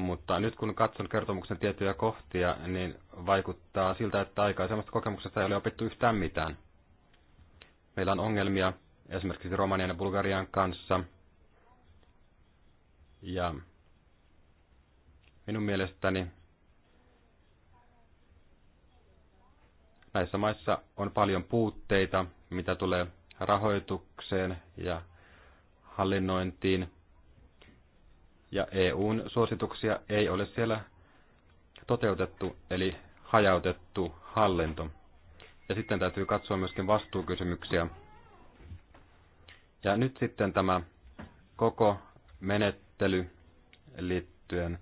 Mutta nyt kun katson kertomuksen tiettyjä kohtia, niin vaikuttaa siltä, että aikaisemmasta kokemuksesta ei ole opittu yhtään mitään. Meillä on ongelmia esimerkiksi Romanian ja Bulgarian kanssa. Ja minun mielestäni näissä maissa on paljon puutteita, mitä tulee rahoitukseen ja hallinnointiin – ja EUn suosituksia ei ole siellä toteutettu, eli hajautettu hallinto. Ja sitten täytyy katsoa myöskin vastuukysymyksiä. Ja nyt sitten tämä koko menettely liittyen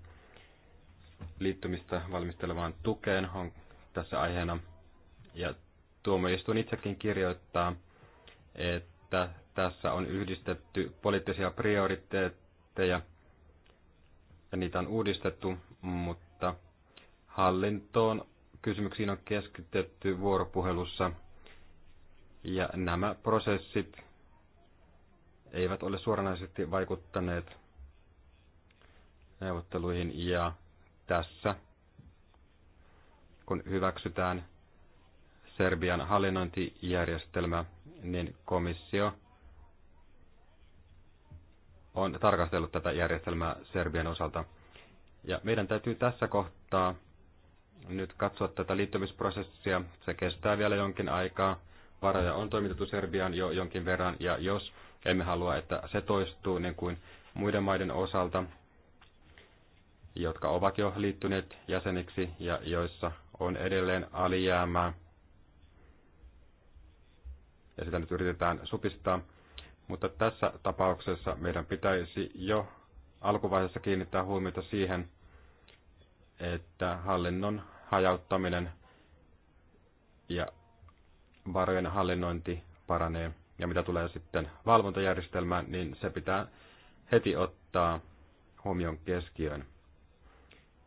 liittymistä valmistelevaan tukeen on tässä aiheena. Ja tuomioistuin itsekin kirjoittaa, että tässä on yhdistetty poliittisia prioriteetteja – ja niitä on uudistettu, mutta hallintoon kysymyksiin on keskitetty vuoropuhelussa ja nämä prosessit eivät ole suoranaisesti vaikuttaneet neuvotteluihin ja tässä, kun hyväksytään Serbian hallinnointijärjestelmä, niin komissio on tarkastellut tätä järjestelmää Serbian osalta. Ja meidän täytyy tässä kohtaa nyt katsoa tätä liittymisprosessia. Se kestää vielä jonkin aikaa. Varoja on toimitettu Serbiaan jo jonkin verran, ja jos emme halua, että se toistuu niin kuin muiden maiden osalta, jotka ovat jo liittyneet jäseniksi ja joissa on edelleen alijäämää, ja sitä nyt yritetään supistaa, mutta tässä tapauksessa meidän pitäisi jo alkuvaiheessa kiinnittää huomiota siihen, että hallinnon hajauttaminen ja varojen hallinnointi paranee. Ja mitä tulee sitten valvontajärjestelmään, niin se pitää heti ottaa huomion keskiöön.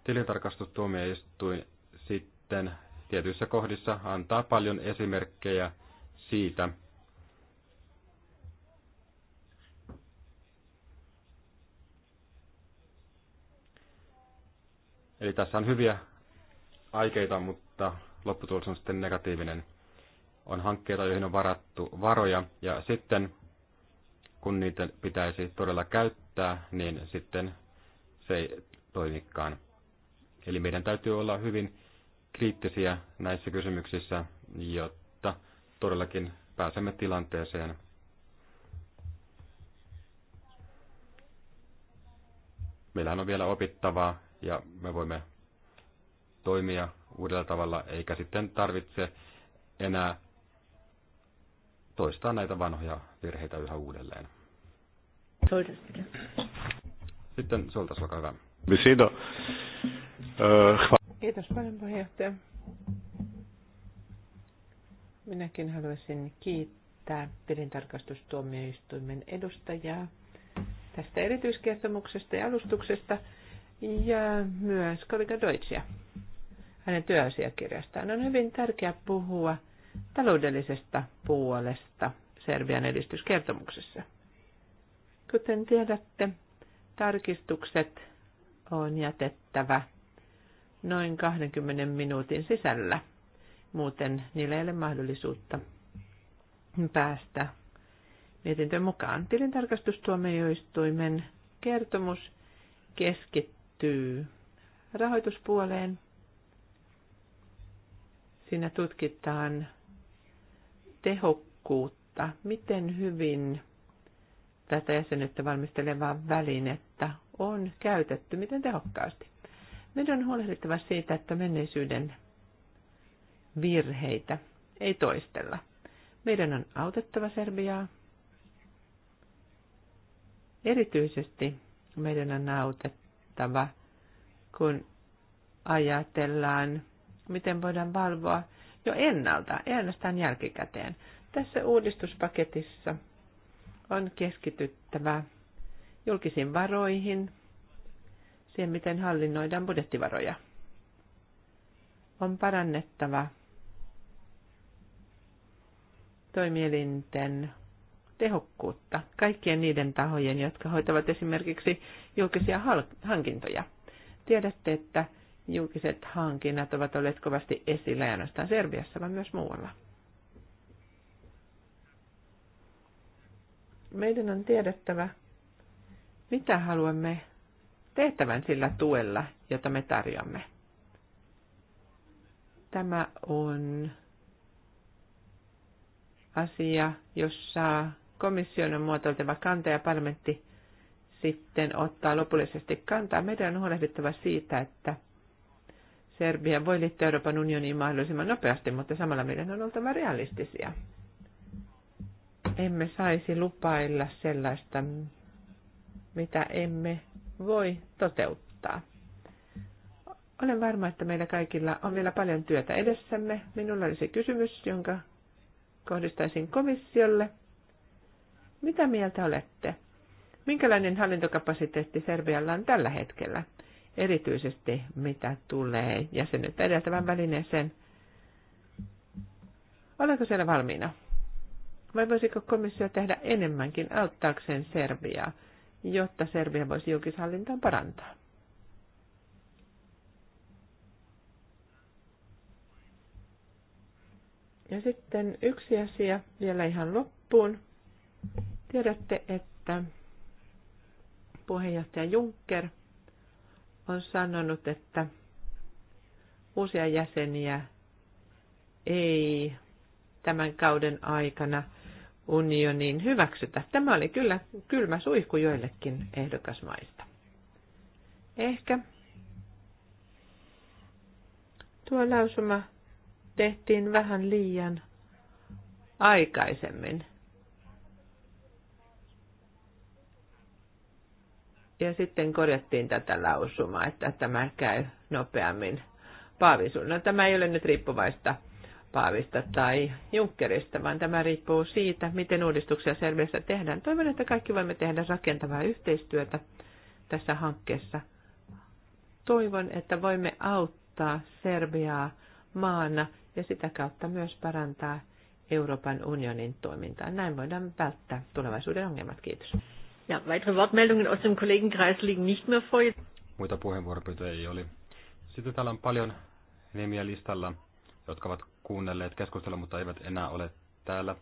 Tilintarkastustuomioistuin sitten tietyissä kohdissa antaa paljon esimerkkejä siitä, Eli tässä on hyviä aikeita, mutta lopputulos on sitten negatiivinen. On hankkeita, joihin on varattu varoja, ja sitten kun niitä pitäisi todella käyttää, niin sitten se ei toimikaan. Eli meidän täytyy olla hyvin kriittisiä näissä kysymyksissä, jotta todellakin pääsemme tilanteeseen, meillähän on vielä opittavaa ja me voimme toimia uudella tavalla, eikä sitten tarvitse enää toistaa näitä vanhoja virheitä yhä uudelleen. Sitten Soltas, olkaa hyvä. Kiitos paljon puheenjohtaja. Minäkin haluaisin kiittää tilintarkastustuomioistuimen edustajaa tästä erityiskertomuksesta ja alustuksesta – ja myös kollega Deutschia hänen työasiakirjastaan. On hyvin tärkeää puhua taloudellisesta puolesta Serbian edistyskertomuksessa. Kuten tiedätte, tarkistukset on jätettävä noin 20 minuutin sisällä. Muuten niillä ei ole mahdollisuutta päästä mietintöön mukaan. Tilintarkastustuomioistuimen kertomus keskittyy liittyy rahoituspuoleen. Siinä tutkitaan tehokkuutta, miten hyvin tätä jäsenyyttä valmistelevaa välinettä on käytetty, miten tehokkaasti. Meidän on huolehdittava siitä, että menneisyyden virheitä ei toistella. Meidän on autettava Serbiaa. Erityisesti meidän on autettava huolestuttava, kun ajatellaan, miten voidaan valvoa jo ennalta, ei ainoastaan jälkikäteen. Tässä uudistuspaketissa on keskityttävä julkisiin varoihin, siihen miten hallinnoidaan budjettivaroja. On parannettava toimielinten tehokkuutta kaikkien niiden tahojen, jotka hoitavat esimerkiksi julkisia hankintoja. Tiedätte, että julkiset hankinnat ovat olleet kovasti esillä ja ainoastaan Serbiassa, vaan myös muualla. Meidän on tiedettävä, mitä haluamme tehtävän sillä tuella, jota me tarjoamme. Tämä on asia, jossa komission on muotoiltava kanta ja parlamentti sitten ottaa lopullisesti kantaa. Meidän on huolehdittava siitä, että Serbia voi liittyä Euroopan unioniin mahdollisimman nopeasti, mutta samalla meidän on oltava realistisia. Emme saisi lupailla sellaista, mitä emme voi toteuttaa. Olen varma, että meillä kaikilla on vielä paljon työtä edessämme. Minulla olisi kysymys, jonka kohdistaisin komissiolle. Mitä mieltä olette? Minkälainen hallintokapasiteetti Serbialla on tällä hetkellä? Erityisesti mitä tulee jäsenyyttä edeltävän välineeseen. Oletko siellä valmiina? Vai voisiko komissio tehdä enemmänkin auttaakseen Serbiaa, jotta Serbia voisi julkishallintaan parantaa? Ja sitten yksi asia vielä ihan loppuun. Tiedätte, että puheenjohtaja Juncker on sanonut, että uusia jäseniä ei tämän kauden aikana unioniin hyväksytä. Tämä oli kyllä kylmä suihku joillekin ehdokasmaista. Ehkä tuo lausuma tehtiin vähän liian aikaisemmin. Ja sitten korjattiin tätä lausumaa, että tämä käy nopeammin Paavisuun. No, tämä ei ole nyt riippuvaista Paavista tai junkkerista, vaan tämä riippuu siitä, miten uudistuksia Serbiassa tehdään. Toivon, että kaikki voimme tehdä rakentavaa yhteistyötä tässä hankkeessa. Toivon, että voimme auttaa Serbiaa maana ja sitä kautta myös parantaa Euroopan unionin toimintaa. Näin voidaan välttää tulevaisuuden ongelmat. Kiitos. Ja, weitere Wortmeldungen aus dem Kollegenkreis liegen nicht mehr vor. Muita puheenvuoropyyntöjä ei ole. Sitten täällä on paljon nimiä listalla, jotka ovat kuunnelleet keskustelua, mutta eivät enää ole täällä.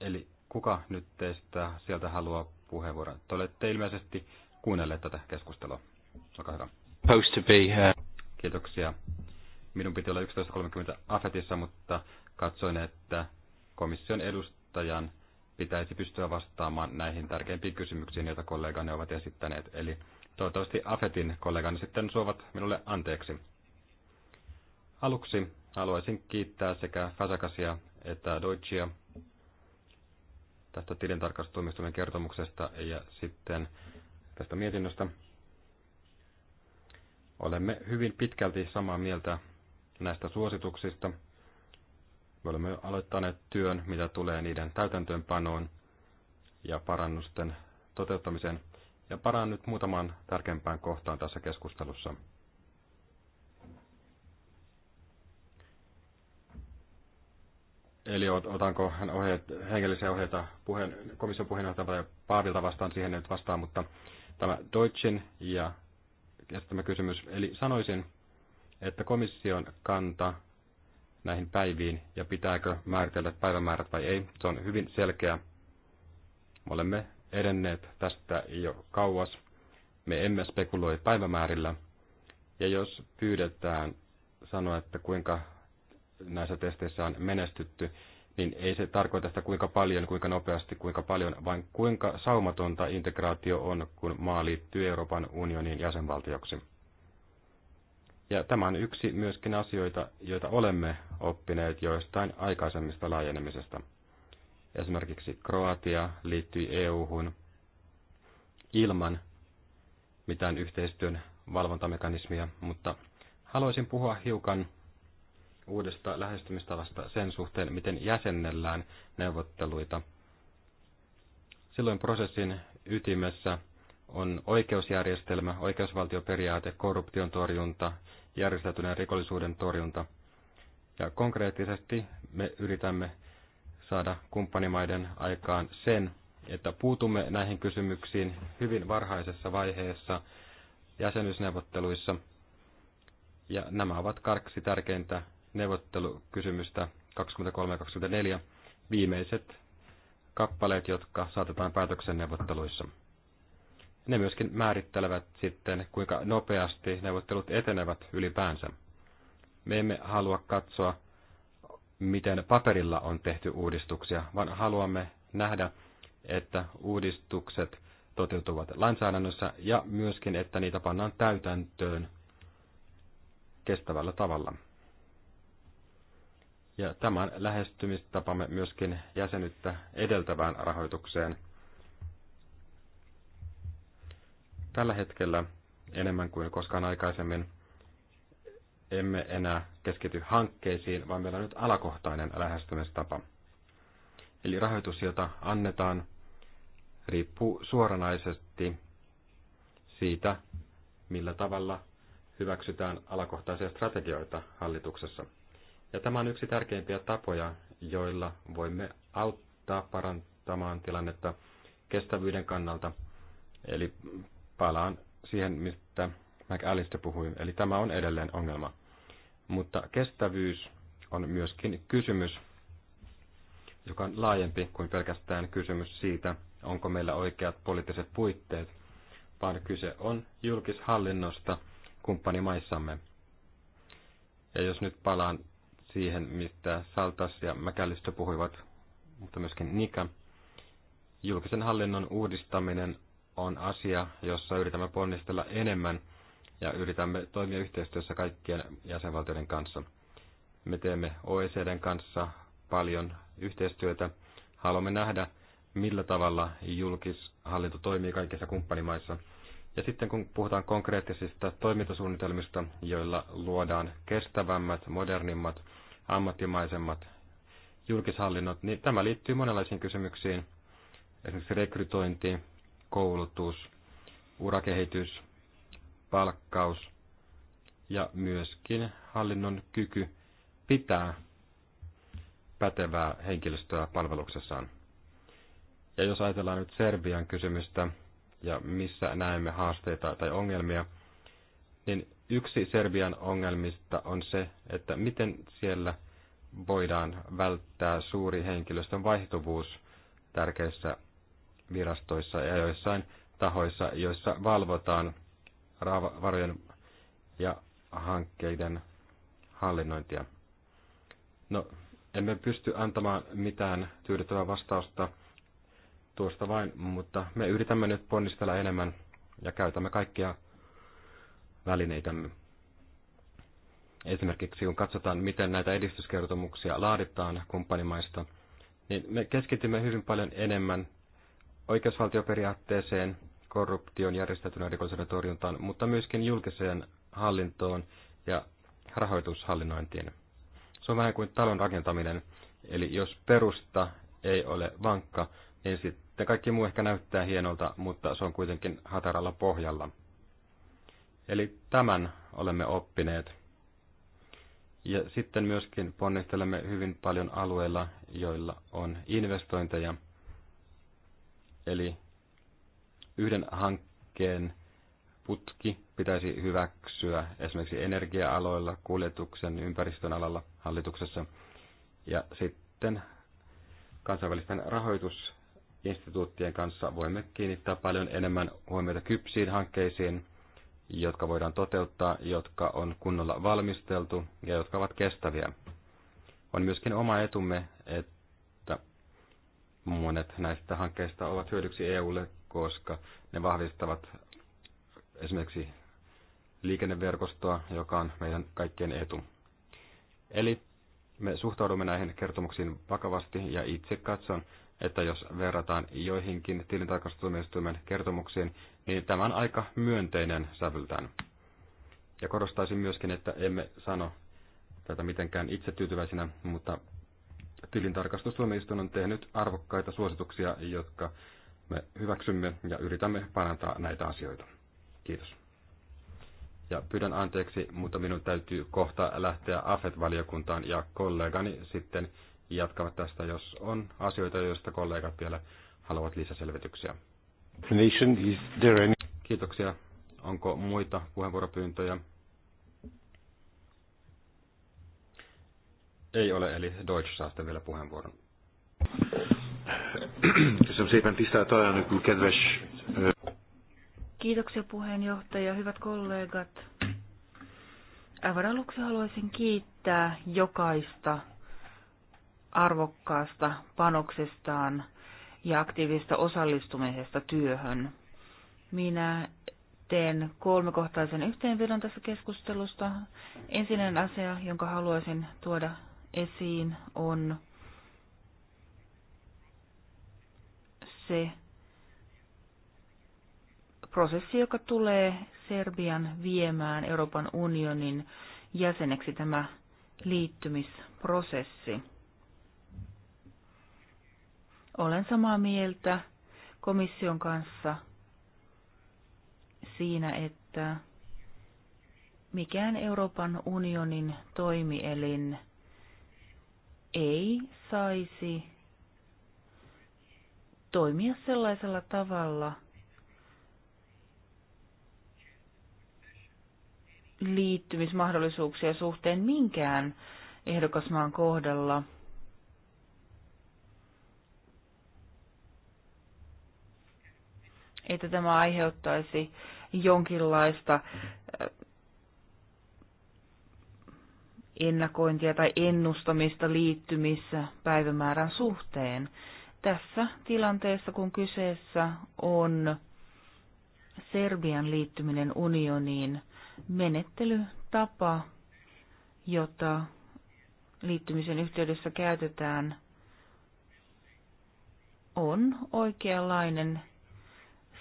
Eli kuka nyt teistä sieltä haluaa puheenvuoron? Te olette ilmeisesti kuunnelleet tätä keskustelua. Olkaa hyvä. to be, uh, Kiitoksia. Minun piti olla 11.30 AFETissa, mutta katsoin, että komission edustajan pitäisi pystyä vastaamaan näihin tärkeimpiin kysymyksiin, joita kollegani ovat esittäneet. Eli toivottavasti Afetin kollegani sitten suovat minulle anteeksi. Aluksi haluaisin kiittää sekä Fasakasia että Deutschia tästä tilintarkastustuomioistuimen kertomuksesta ja sitten tästä mietinnöstä. Olemme hyvin pitkälti samaa mieltä näistä suosituksista – me olemme aloittaneet työn, mitä tulee niiden täytäntöönpanoon ja parannusten toteuttamiseen. Ja paraan nyt muutamaan tärkeimpään kohtaan tässä keskustelussa. Eli otanko hän ohjeet, hengellisiä ohjeita puheen, komission ja Paavilta vastaan, siihen nyt vastaan, mutta tämä Deutschin ja, ja tämä kysymys. Eli sanoisin, että komission kanta näihin päiviin ja pitääkö määritellä päivämäärät vai ei. Se on hyvin selkeä. Me olemme edenneet tästä jo kauas. Me emme spekuloi päivämäärillä. Ja jos pyydetään sanoa, että kuinka näissä testeissä on menestytty, niin ei se tarkoita sitä kuinka paljon, kuinka nopeasti, kuinka paljon, vaan kuinka saumatonta integraatio on, kun maa liittyy Euroopan unionin jäsenvaltioksi. Ja tämä on yksi myöskin asioita, joita olemme oppineet joistain aikaisemmista laajenemisesta. Esimerkiksi Kroatia liittyi EU-hun ilman mitään yhteistyön valvontamekanismia, mutta haluaisin puhua hiukan uudesta lähestymistavasta sen suhteen, miten jäsennellään neuvotteluita. Silloin prosessin ytimessä on oikeusjärjestelmä, oikeusvaltioperiaate, korruption torjunta, järjestäytyneen rikollisuuden torjunta. Ja konkreettisesti me yritämme saada kumppanimaiden aikaan sen, että puutumme näihin kysymyksiin hyvin varhaisessa vaiheessa jäsenyysneuvotteluissa. Ja nämä ovat kaksi tärkeintä neuvottelukysymystä 23-24 viimeiset kappaleet, jotka saatetaan päätöksen neuvotteluissa. Ne myöskin määrittelevät sitten, kuinka nopeasti neuvottelut etenevät ylipäänsä. Me emme halua katsoa, miten paperilla on tehty uudistuksia, vaan haluamme nähdä, että uudistukset toteutuvat lainsäädännössä ja myöskin, että niitä pannaan täytäntöön kestävällä tavalla. Ja tämän lähestymistapamme myöskin jäsenyttä edeltävään rahoitukseen Tällä hetkellä enemmän kuin koskaan aikaisemmin emme enää keskity hankkeisiin, vaan meillä on nyt alakohtainen lähestymistapa. Eli rahoitus, jota annetaan, riippuu suoranaisesti siitä, millä tavalla hyväksytään alakohtaisia strategioita hallituksessa. Ja tämä on yksi tärkeimpiä tapoja, joilla voimme auttaa parantamaan tilannetta kestävyyden kannalta, eli palaan siihen, mistä McAllister puhui, eli tämä on edelleen ongelma. Mutta kestävyys on myöskin kysymys, joka on laajempi kuin pelkästään kysymys siitä, onko meillä oikeat poliittiset puitteet, vaan kyse on julkishallinnosta kumppanimaissamme. Ja jos nyt palaan siihen, mistä Saltas ja Mäkälistö puhuivat, mutta myöskin Nika, julkisen hallinnon uudistaminen on asia, jossa yritämme ponnistella enemmän ja yritämme toimia yhteistyössä kaikkien jäsenvaltioiden kanssa. Me teemme OECDn kanssa paljon yhteistyötä. Haluamme nähdä, millä tavalla julkishallinto toimii kaikissa kumppanimaissa. Ja sitten kun puhutaan konkreettisista toimintasuunnitelmista, joilla luodaan kestävämmät, modernimmat, ammattimaisemmat julkishallinnot, niin tämä liittyy monenlaisiin kysymyksiin, esimerkiksi rekrytointiin, koulutus, urakehitys, palkkaus ja myöskin hallinnon kyky pitää pätevää henkilöstöä palveluksessaan. Ja jos ajatellaan nyt Serbian kysymystä ja missä näemme haasteita tai ongelmia, niin yksi Serbian ongelmista on se, että miten siellä voidaan välttää suuri henkilöstön vaihtuvuus tärkeissä virastoissa ja joissain tahoissa, joissa valvotaan varojen ja hankkeiden hallinnointia. No, emme pysty antamaan mitään tyydyttävää vastausta tuosta vain, mutta me yritämme nyt ponnistella enemmän ja käytämme kaikkia välineitämme. Esimerkiksi kun katsotaan, miten näitä edistyskertomuksia laaditaan kumppanimaista, niin me keskitymme hyvin paljon enemmän oikeusvaltioperiaatteeseen, korruption järjestäytyneen rikollisuuden torjuntaan, mutta myöskin julkiseen hallintoon ja rahoitushallinnointiin. Se on vähän kuin talon rakentaminen, eli jos perusta ei ole vankka, niin sitten kaikki muu ehkä näyttää hienolta, mutta se on kuitenkin hataralla pohjalla. Eli tämän olemme oppineet. Ja sitten myöskin ponnistelemme hyvin paljon alueilla, joilla on investointeja – Eli yhden hankkeen putki pitäisi hyväksyä esimerkiksi energia-aloilla, kuljetuksen, ympäristön alalla hallituksessa. Ja sitten kansainvälisten rahoitusinstituuttien kanssa voimme kiinnittää paljon enemmän huomiota kypsiin hankkeisiin, jotka voidaan toteuttaa, jotka on kunnolla valmisteltu ja jotka ovat kestäviä. On myöskin oma etumme, että Monet näistä hankkeista ovat hyödyksi EUlle, koska ne vahvistavat esimerkiksi liikenneverkostoa, joka on meidän kaikkien etu. Eli me suhtaudumme näihin kertomuksiin vakavasti ja itse katson, että jos verrataan joihinkin tilintarkastustuomioistuimen kertomuksiin, niin tämä on aika myönteinen sävyltään. Ja korostaisin myöskin, että emme sano tätä mitenkään itse tyytyväisinä, mutta Tilintarkastustuomioistuin on tehnyt arvokkaita suosituksia, jotka me hyväksymme ja yritämme parantaa näitä asioita. Kiitos. Ja pyydän anteeksi, mutta minun täytyy kohta lähteä AFET-valiokuntaan ja kollegani sitten jatkavat tästä, jos on asioita, joista kollegat vielä haluavat lisäselvityksiä. Kiitoksia. Onko muita puheenvuoropyyntöjä? Ei ole, eli Deutsch saa sitten vielä puheenvuoron. Kiitoksia puheenjohtaja, hyvät kollegat. Aivan aluksi haluaisin kiittää jokaista arvokkaasta panoksestaan ja aktiivista osallistumisesta työhön. Minä teen kolmekohtaisen yhteenvedon tässä keskustelusta. Ensinnäinen asia, jonka haluaisin tuoda esiin, on se prosessi, joka tulee Serbian viemään Euroopan unionin jäseneksi tämä liittymisprosessi. Olen samaa mieltä komission kanssa siinä, että mikään Euroopan unionin toimielin – ei saisi toimia sellaisella tavalla liittymismahdollisuuksia suhteen minkään ehdokasmaan kohdalla – että tämä aiheuttaisi jonkinlaista ennakointia tai ennustamista liittymissä päivämäärän suhteen. Tässä tilanteessa, kun kyseessä on Serbian liittyminen unioniin, menettelytapa, jota liittymisen yhteydessä käytetään, on oikeanlainen.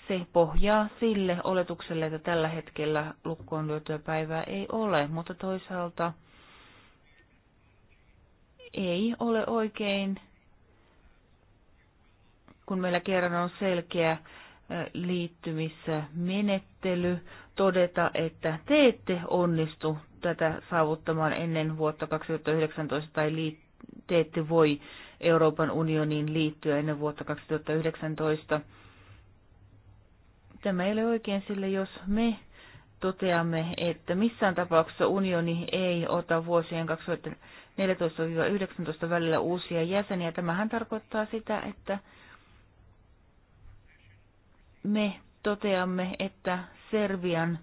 Se pohjaa sille oletukselle, että tällä hetkellä lukkoon lyötyä päivää ei ole, mutta toisaalta ei ole oikein, kun meillä kerran on selkeä liittymissä menettely todeta, että te ette onnistu tätä saavuttamaan ennen vuotta 2019 tai te ette voi Euroopan unioniin liittyä ennen vuotta 2019. Tämä ei ole oikein, sillä jos me toteamme, että missään tapauksessa unioni ei ota vuosien 2014 14-19 välillä uusia jäseniä. Tämähän tarkoittaa sitä, että me toteamme, että Serbian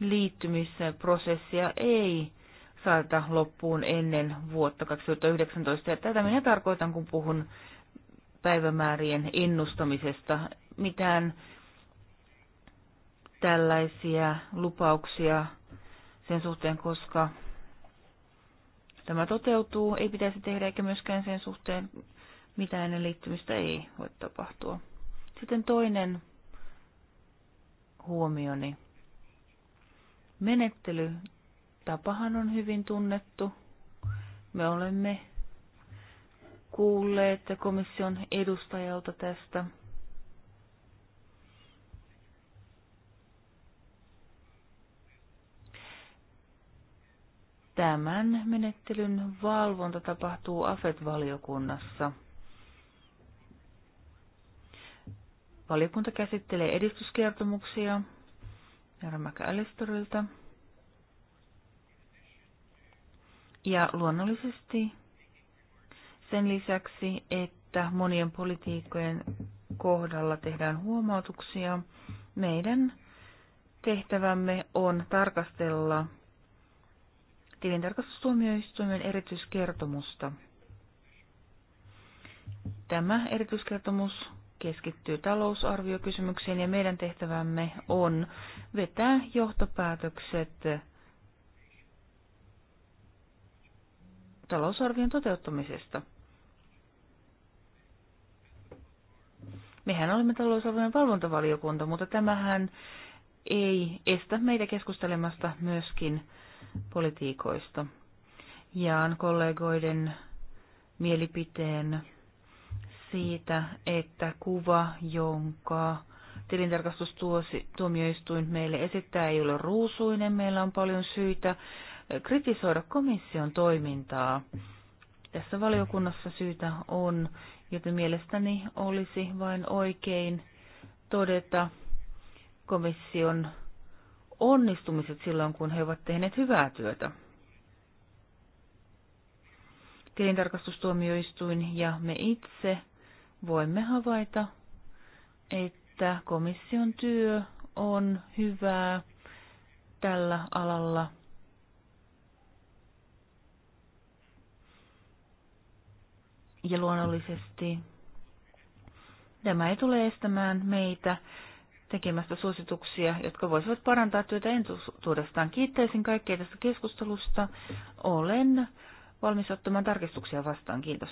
liittymisprosessia ei saata loppuun ennen vuotta 2019. Ja tätä minä tarkoitan, kun puhun päivämäärien ennustamisesta. Mitään tällaisia lupauksia sen suhteen, koska tämä toteutuu. Ei pitäisi tehdä eikä myöskään sen suhteen, mitään ennen liittymistä ei voi tapahtua. Sitten toinen huomioni. Menettelytapahan on hyvin tunnettu. Me olemme kuulleet komission edustajalta tästä. Tämän menettelyn valvonta tapahtuu AFET-valiokunnassa. Valiokunta käsittelee edistyskertomuksia Jarmäkä McAllisterilta. Ja luonnollisesti sen lisäksi, että monien politiikkojen kohdalla tehdään huomautuksia, meidän tehtävämme on tarkastella tilintarkastustuomioistuimen erityiskertomusta. Tämä erityiskertomus keskittyy talousarviokysymyksiin ja meidän tehtävämme on vetää johtopäätökset talousarvion toteuttamisesta. Mehän olemme talousarvion valvontavaliokunta, mutta tämähän ei estä meitä keskustelemasta myöskin politiikoista. Jaan kollegoiden mielipiteen siitä, että kuva, jonka tilintarkastustuomioistuin meille esittää, ei ole ruusuinen. Meillä on paljon syitä kritisoida komission toimintaa. Tässä valiokunnassa syytä on, joten mielestäni olisi vain oikein todeta komission onnistumiset silloin, kun he ovat tehneet hyvää työtä. Tilintarkastustuomioistuin ja me itse voimme havaita, että komission työ on hyvää tällä alalla. Ja luonnollisesti tämä ei tule estämään meitä tekemästä suosituksia, jotka voisivat parantaa työtä entuudestaan. Kiittäisin kaikkea tästä keskustelusta. Olen valmis ottamaan tarkistuksia vastaan. Kiitos.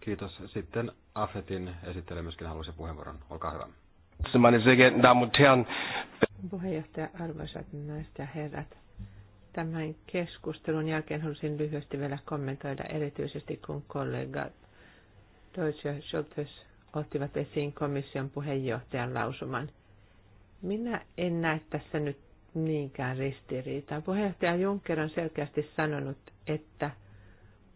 Kiitos. Sitten Afetin esittelee myöskin halusi puheenvuoron. Olkaa hyvä. Puheenjohtaja, arvoisat naiset ja herrat. Tämän keskustelun jälkeen halusin lyhyesti vielä kommentoida erityisesti, kun kollega Deutsche Schultes ottivat esiin komission puheenjohtajan lausuman. Minä en näe tässä nyt niinkään ristiriitaa. Puheenjohtaja Juncker on selkeästi sanonut, että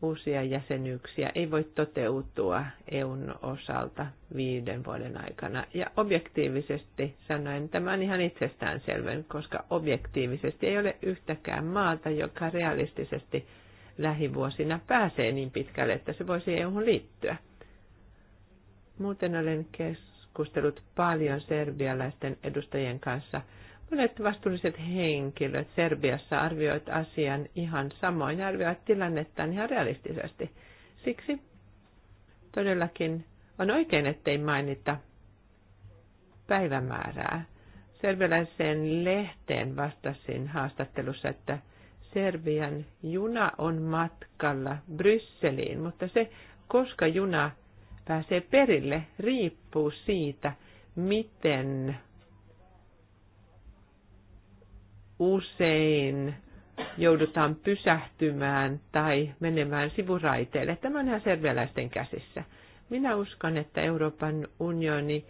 uusia jäsenyyksiä ei voi toteutua EUn osalta viiden vuoden aikana. Ja objektiivisesti sanoen tämä on ihan itsestäänselvän, koska objektiivisesti ei ole yhtäkään maata, joka realistisesti lähivuosina pääsee niin pitkälle, että se voisi EUhun liittyä. Muuten olen keskustellut paljon serbialaisten edustajien kanssa. Monet vastuulliset henkilöt Serbiassa arvioivat asian ihan samoin ja arvioivat tilannetta ihan realistisesti. Siksi todellakin on oikein, ettei mainita päivämäärää. Serbialaiseen lehteen vastasin haastattelussa, että Serbian juna on matkalla Brysseliin, mutta se, koska juna pääsee perille riippuu siitä, miten usein joudutaan pysähtymään tai menemään sivuraiteille. Tämä on ihan käsissä. Minä uskon, että Euroopan unioni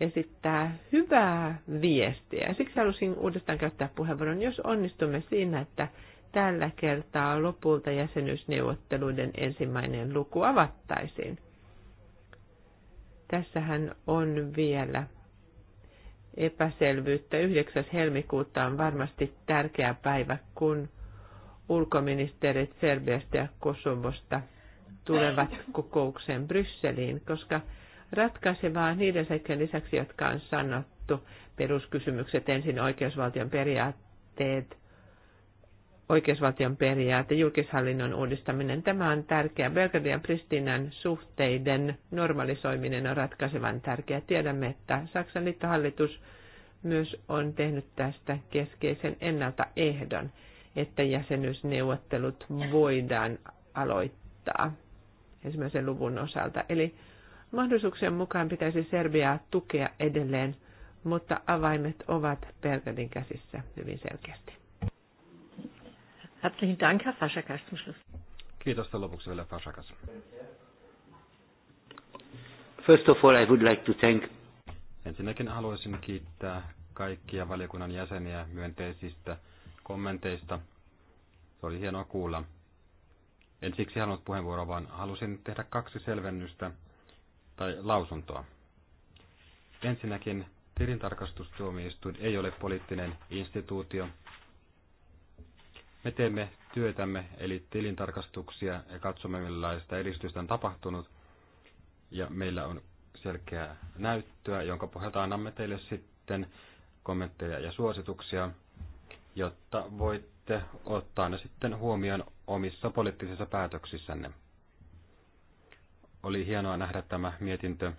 esittää hyvää viestiä. Siksi halusin uudestaan käyttää puheenvuoron, jos onnistumme siinä, että tällä kertaa lopulta jäsenyysneuvotteluiden ensimmäinen luku avattaisiin. Tässähän on vielä epäselvyyttä. 9. helmikuuta on varmasti tärkeä päivä, kun ulkoministerit Serbiasta ja Kosovosta tulevat kokoukseen Brysseliin, koska ratkaisevaa niiden sekin lisäksi, jotka on sanottu, peruskysymykset ensin oikeusvaltion periaatteet, oikeusvaltion periaate, julkishallinnon uudistaminen. Tämä on tärkeä. Belgradin ja Pristinan suhteiden normalisoiminen on ratkaisevan tärkeä Tiedämme, että Saksan liittohallitus myös on tehnyt tästä keskeisen ennaltaehdon, että jäsenyysneuvottelut voidaan aloittaa ensimmäisen luvun osalta. Eli mahdollisuuksien mukaan pitäisi Serbiaa tukea edelleen, mutta avaimet ovat Belgradin käsissä hyvin selkeästi. Herzlichen Dank, Herr Faschakas, zum Schluss. Kiitos der lopuksi Herr Faschakas. First of all, I would like to thank... Ensinnäkin haluaisin kiittää kaikkia valiokunnan jäseniä myönteisistä kommenteista. Se oli hienoa kuulla. En siksi halunnut puheenvuoroa, vaan halusin tehdä kaksi selvennystä tai lausuntoa. Ensinnäkin tilintarkastustuomioistuin ei ole poliittinen instituutio, me teemme työtämme, eli tilintarkastuksia, ja katsomme, millaista edistystä on tapahtunut. Ja meillä on selkeää näyttöä, jonka pohjalta annamme teille sitten kommentteja ja suosituksia, jotta voitte ottaa ne sitten huomioon omissa poliittisissa päätöksissänne. Oli hienoa nähdä tämä mietintö.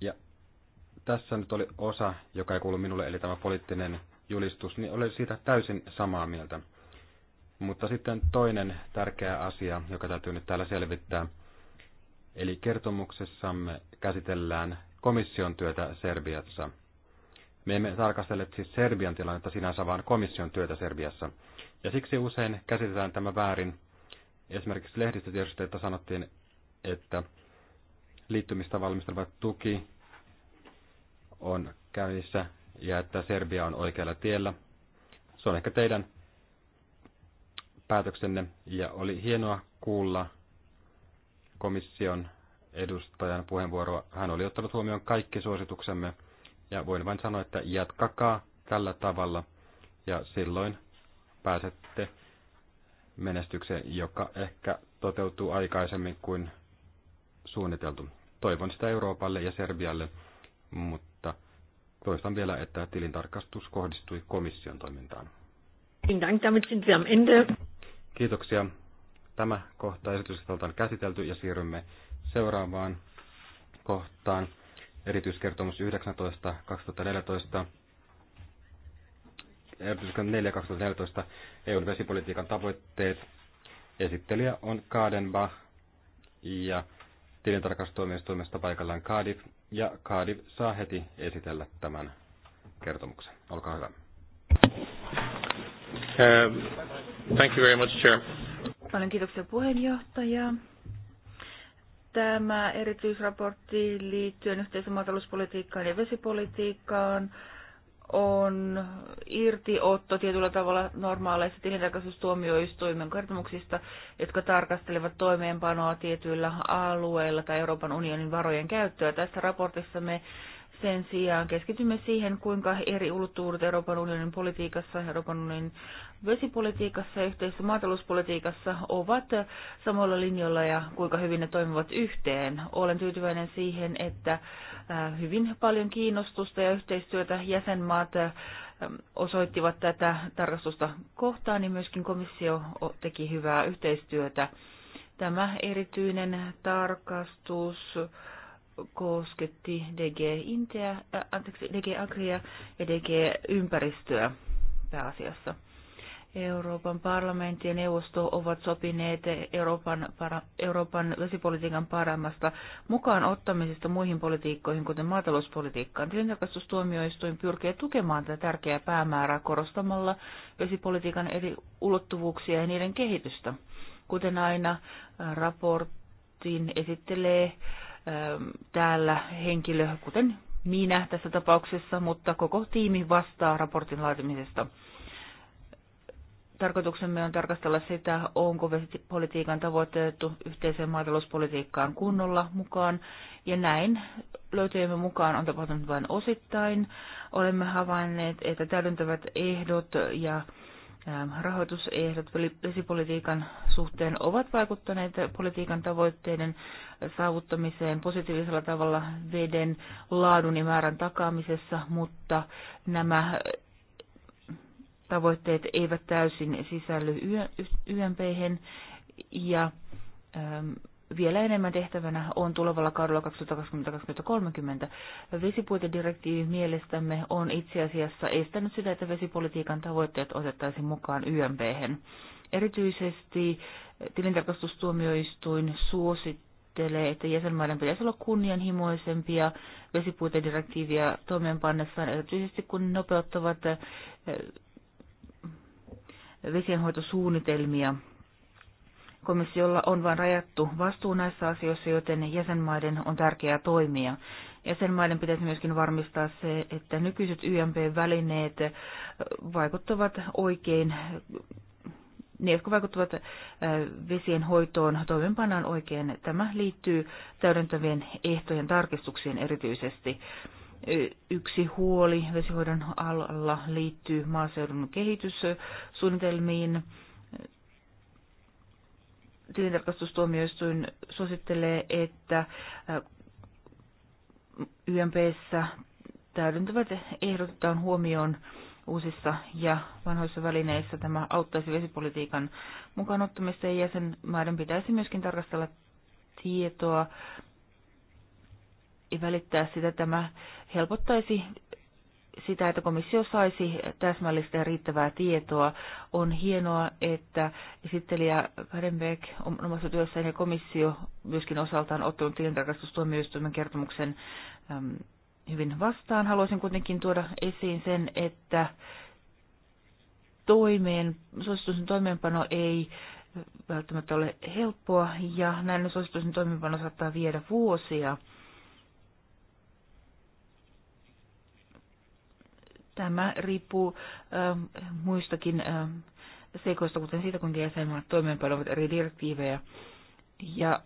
Ja tässä nyt oli osa, joka ei kuulu minulle, eli tämä poliittinen julistus, niin olen siitä täysin samaa mieltä. Mutta sitten toinen tärkeä asia, joka täytyy nyt täällä selvittää. Eli kertomuksessamme käsitellään komission työtä Serbiassa. Me emme tarkastele siis Serbian tilannetta sinänsä, vaan komission työtä Serbiassa. Ja siksi usein käsitetään tämä väärin. Esimerkiksi lehdistötiedosteita sanottiin, että liittymistä valmisteleva tuki on käynnissä ja että Serbia on oikealla tiellä. Se on ehkä teidän päätöksenne ja oli hienoa kuulla komission edustajan puheenvuoroa. Hän oli ottanut huomioon kaikki suosituksemme ja voin vain sanoa, että jatkakaa tällä tavalla ja silloin pääsette menestykseen, joka ehkä toteutuu aikaisemmin kuin suunniteltu. Toivon sitä Euroopalle ja Serbialle, mutta Toistan vielä, että tilintarkastus kohdistui komission toimintaan. Kiitoksia. Tämä kohta esityslistalta on käsitelty ja siirrymme seuraavaan kohtaan. Erityiskertomus 19 2014 2014 EUn vesipolitiikan tavoitteet. Esittelijä on Kaadenbach ja tilintarkastustoimistoimesta paikallaan Cardiff, ja Cardiff saa heti esitellä tämän kertomuksen. Olkaa hyvä. Um, thank you very much, Chair. Paljon kiitoksia puheenjohtaja. Tämä erityisraportti liittyen yhteisen maatalouspolitiikkaan ja vesipolitiikkaan on irtiotto tietyllä tavalla normaaleista tilintarkastustuomioistuimen kertomuksista, jotka tarkastelevat toimeenpanoa tietyillä alueilla tai Euroopan unionin varojen käyttöä. Tässä raportissa me sen sijaan keskitymme siihen, kuinka eri ulottuvuudet Euroopan unionin politiikassa, Euroopan unionin vesipolitiikassa ja yhteisessä maatalouspolitiikassa ovat samoilla linjoilla ja kuinka hyvin ne toimivat yhteen. Olen tyytyväinen siihen, että äh, hyvin paljon kiinnostusta ja yhteistyötä jäsenmaat äh, osoittivat tätä tarkastusta kohtaan, niin myöskin komissio teki hyvää yhteistyötä. Tämä erityinen tarkastus kosketti DG, Intea, äh, anteeksi, DG Agria ja DG Ympäristöä pääasiassa. Euroopan parlamentti ja neuvosto ovat sopineet Euroopan, para, Euroopan vesipolitiikan paremmasta mukaan ottamisesta muihin politiikkoihin, kuten maatalouspolitiikkaan. Tilintarkastustuomioistuin pyrkii tukemaan tätä tärkeää päämäärää korostamalla vesipolitiikan eri ulottuvuuksia ja niiden kehitystä. Kuten aina raportin esittelee ähm, täällä henkilö, kuten minä tässä tapauksessa, mutta koko tiimi vastaa raportin laatimisesta tarkoituksemme on tarkastella sitä, onko vesipolitiikan tavoitteettu yhteiseen maatalouspolitiikkaan kunnolla mukaan, ja näin löytyjemme mukaan on tapahtunut vain osittain. Olemme havainneet, että täydentävät ehdot ja ähm, rahoitusehdot vesipolitiikan suhteen ovat vaikuttaneet politiikan tavoitteiden saavuttamiseen positiivisella tavalla veden laadun ja määrän takaamisessa, mutta nämä tavoitteet eivät täysin sisälly ymp ja ähm, vielä enemmän tehtävänä on tulevalla kaudella 2020-2030. Vesipuitedirektiivi mielestämme on itse asiassa estänyt sitä, että vesipolitiikan tavoitteet otettaisiin mukaan ymp -hän. Erityisesti tilintarkastustuomioistuin suosittelee, että jäsenmaiden pitäisi olla kunnianhimoisempia vesipuitedirektiiviä toimeenpannessaan, erityisesti kun nopeuttavat äh, vesienhoitosuunnitelmia. Komissiolla on vain rajattu vastuu näissä asioissa, joten jäsenmaiden on tärkeää toimia. Jäsenmaiden pitäisi myöskin varmistaa se, että nykyiset YMP-välineet vaikuttavat oikein, ne jotka vaikuttavat äh, vesien hoitoon, toimenpanaan oikein. Tämä liittyy täydentävien ehtojen tarkistuksiin erityisesti. Yksi huoli vesihoidon alalla liittyy maaseudun kehityssuunnitelmiin. Tilintarkastustuomioistuin suosittelee, että YMPssä täydentävät ehdotetaan huomioon uusissa ja vanhoissa välineissä. Tämä auttaisi vesipolitiikan mukaanottamista ja jäsenmaiden pitäisi myöskin tarkastella tietoa välittää sitä. Tämä helpottaisi sitä, että komissio saisi täsmällistä ja riittävää tietoa. On hienoa, että esittelijä Kadenbeck omassa työssään ja komissio myöskin osaltaan ottanut tilintarkastustuomioistuimen kertomuksen hyvin vastaan. Haluaisin kuitenkin tuoda esiin sen, että toimeen, suosituksen toimeenpano ei välttämättä ole helppoa ja näin suosituksen toimeenpano saattaa viedä vuosia. Tämä riippuu äh, muistakin äh, seikoista, kuten siitä, kun jäsenmaat toimeenpanovat eri direktiivejä. Ja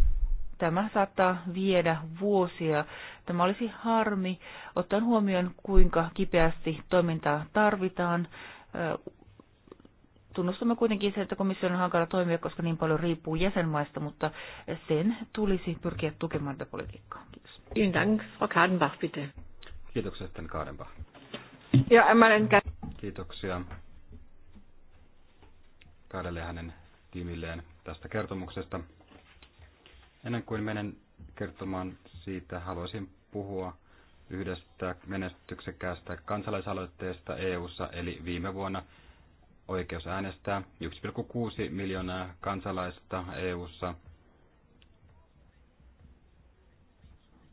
tämä saattaa viedä vuosia. Tämä olisi harmi, ottaen huomioon, kuinka kipeästi toimintaa tarvitaan. Äh, tunnustamme kuitenkin sen, että komissio on hankala toimia, koska niin paljon riippuu jäsenmaista, mutta sen tulisi pyrkiä tukemaan tätä politiikkaa. Kiitos. Vielen Kiitos. Frau bitte. Kiitoksia sitten Kadenbach mä enkä. Kiitoksia Karelle hänen tiimilleen tästä kertomuksesta. Ennen kuin menen kertomaan siitä, haluaisin puhua yhdestä menestyksekkäästä kansalaisaloitteesta EU:ssa, eli viime vuonna oikeus äänestää 1,6 miljoonaa kansalaista EU:ssa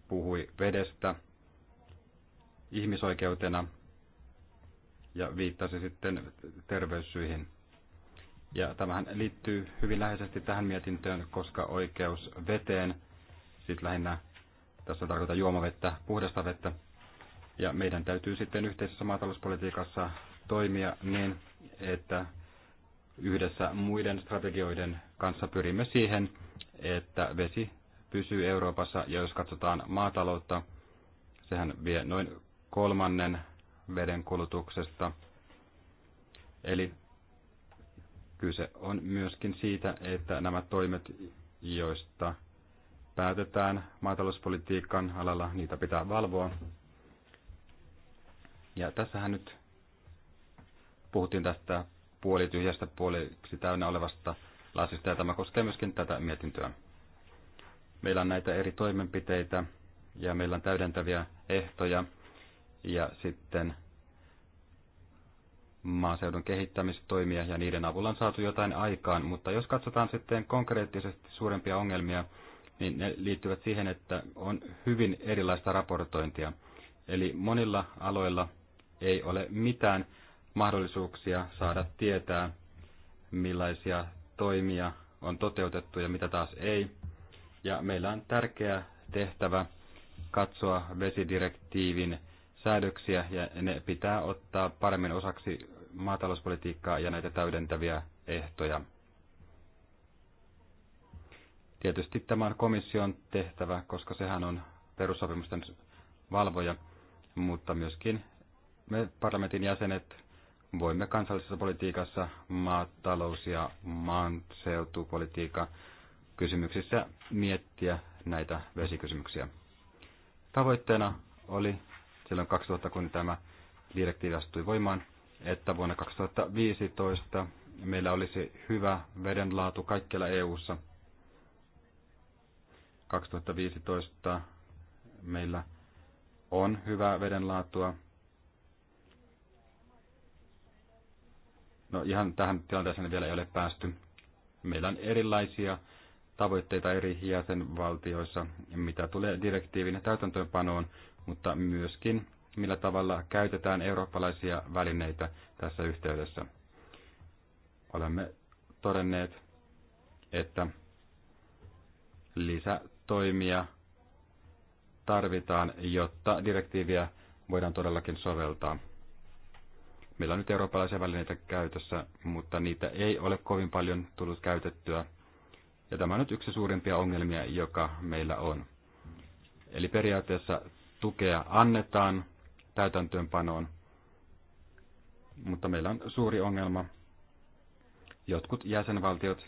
puhui vedestä ihmisoikeutena ja viittasi sitten terveyssyihin. Ja tämähän liittyy hyvin läheisesti tähän mietintöön, koska oikeus veteen, siis lähinnä tässä tarkoittaa juomavettä, puhdasta vettä, ja meidän täytyy sitten yhteisessä maatalouspolitiikassa toimia niin, että yhdessä muiden strategioiden kanssa pyrimme siihen, että vesi pysyy Euroopassa. Ja jos katsotaan maataloutta, sehän vie noin kolmannen vedenkulutuksesta. Eli kyse on myöskin siitä, että nämä toimet, joista päätetään maatalouspolitiikan alalla, niitä pitää valvoa. Ja tässähän nyt puhuttiin tästä puolityhjästä puoliksi täynnä olevasta lasista, ja tämä koskee myöskin tätä mietintöä. Meillä on näitä eri toimenpiteitä, ja meillä on täydentäviä ehtoja, ja sitten maaseudun kehittämistoimia ja niiden avulla on saatu jotain aikaan, mutta jos katsotaan sitten konkreettisesti suurempia ongelmia, niin ne liittyvät siihen, että on hyvin erilaista raportointia. Eli monilla aloilla ei ole mitään mahdollisuuksia saada tietää, millaisia toimia on toteutettu ja mitä taas ei. Ja meillä on tärkeä tehtävä katsoa vesidirektiivin säädöksiä ja ne pitää ottaa paremmin osaksi maatalouspolitiikkaa ja näitä täydentäviä ehtoja. Tietysti tämä on komission tehtävä, koska sehän on perussopimusten valvoja, mutta myöskin me parlamentin jäsenet voimme kansallisessa politiikassa maatalous- ja maanseutupolitiikan kysymyksissä miettiä näitä vesikysymyksiä. Tavoitteena oli silloin 2000, kun tämä direktiivi astui voimaan, että vuonna 2015 meillä olisi hyvä vedenlaatu kaikkialla EU-ssa. 2015 meillä on hyvää vedenlaatua. No ihan tähän tilanteeseen vielä ei ole päästy. Meillä on erilaisia tavoitteita eri jäsenvaltioissa, mitä tulee direktiivin täytäntöönpanoon mutta myöskin millä tavalla käytetään eurooppalaisia välineitä tässä yhteydessä. Olemme todenneet, että lisätoimia tarvitaan, jotta direktiiviä voidaan todellakin soveltaa. Meillä on nyt eurooppalaisia välineitä käytössä, mutta niitä ei ole kovin paljon tullut käytettyä. Ja tämä on nyt yksi suurimpia ongelmia, joka meillä on. Eli periaatteessa tukea annetaan täytäntöönpanoon, mutta meillä on suuri ongelma. Jotkut jäsenvaltiot,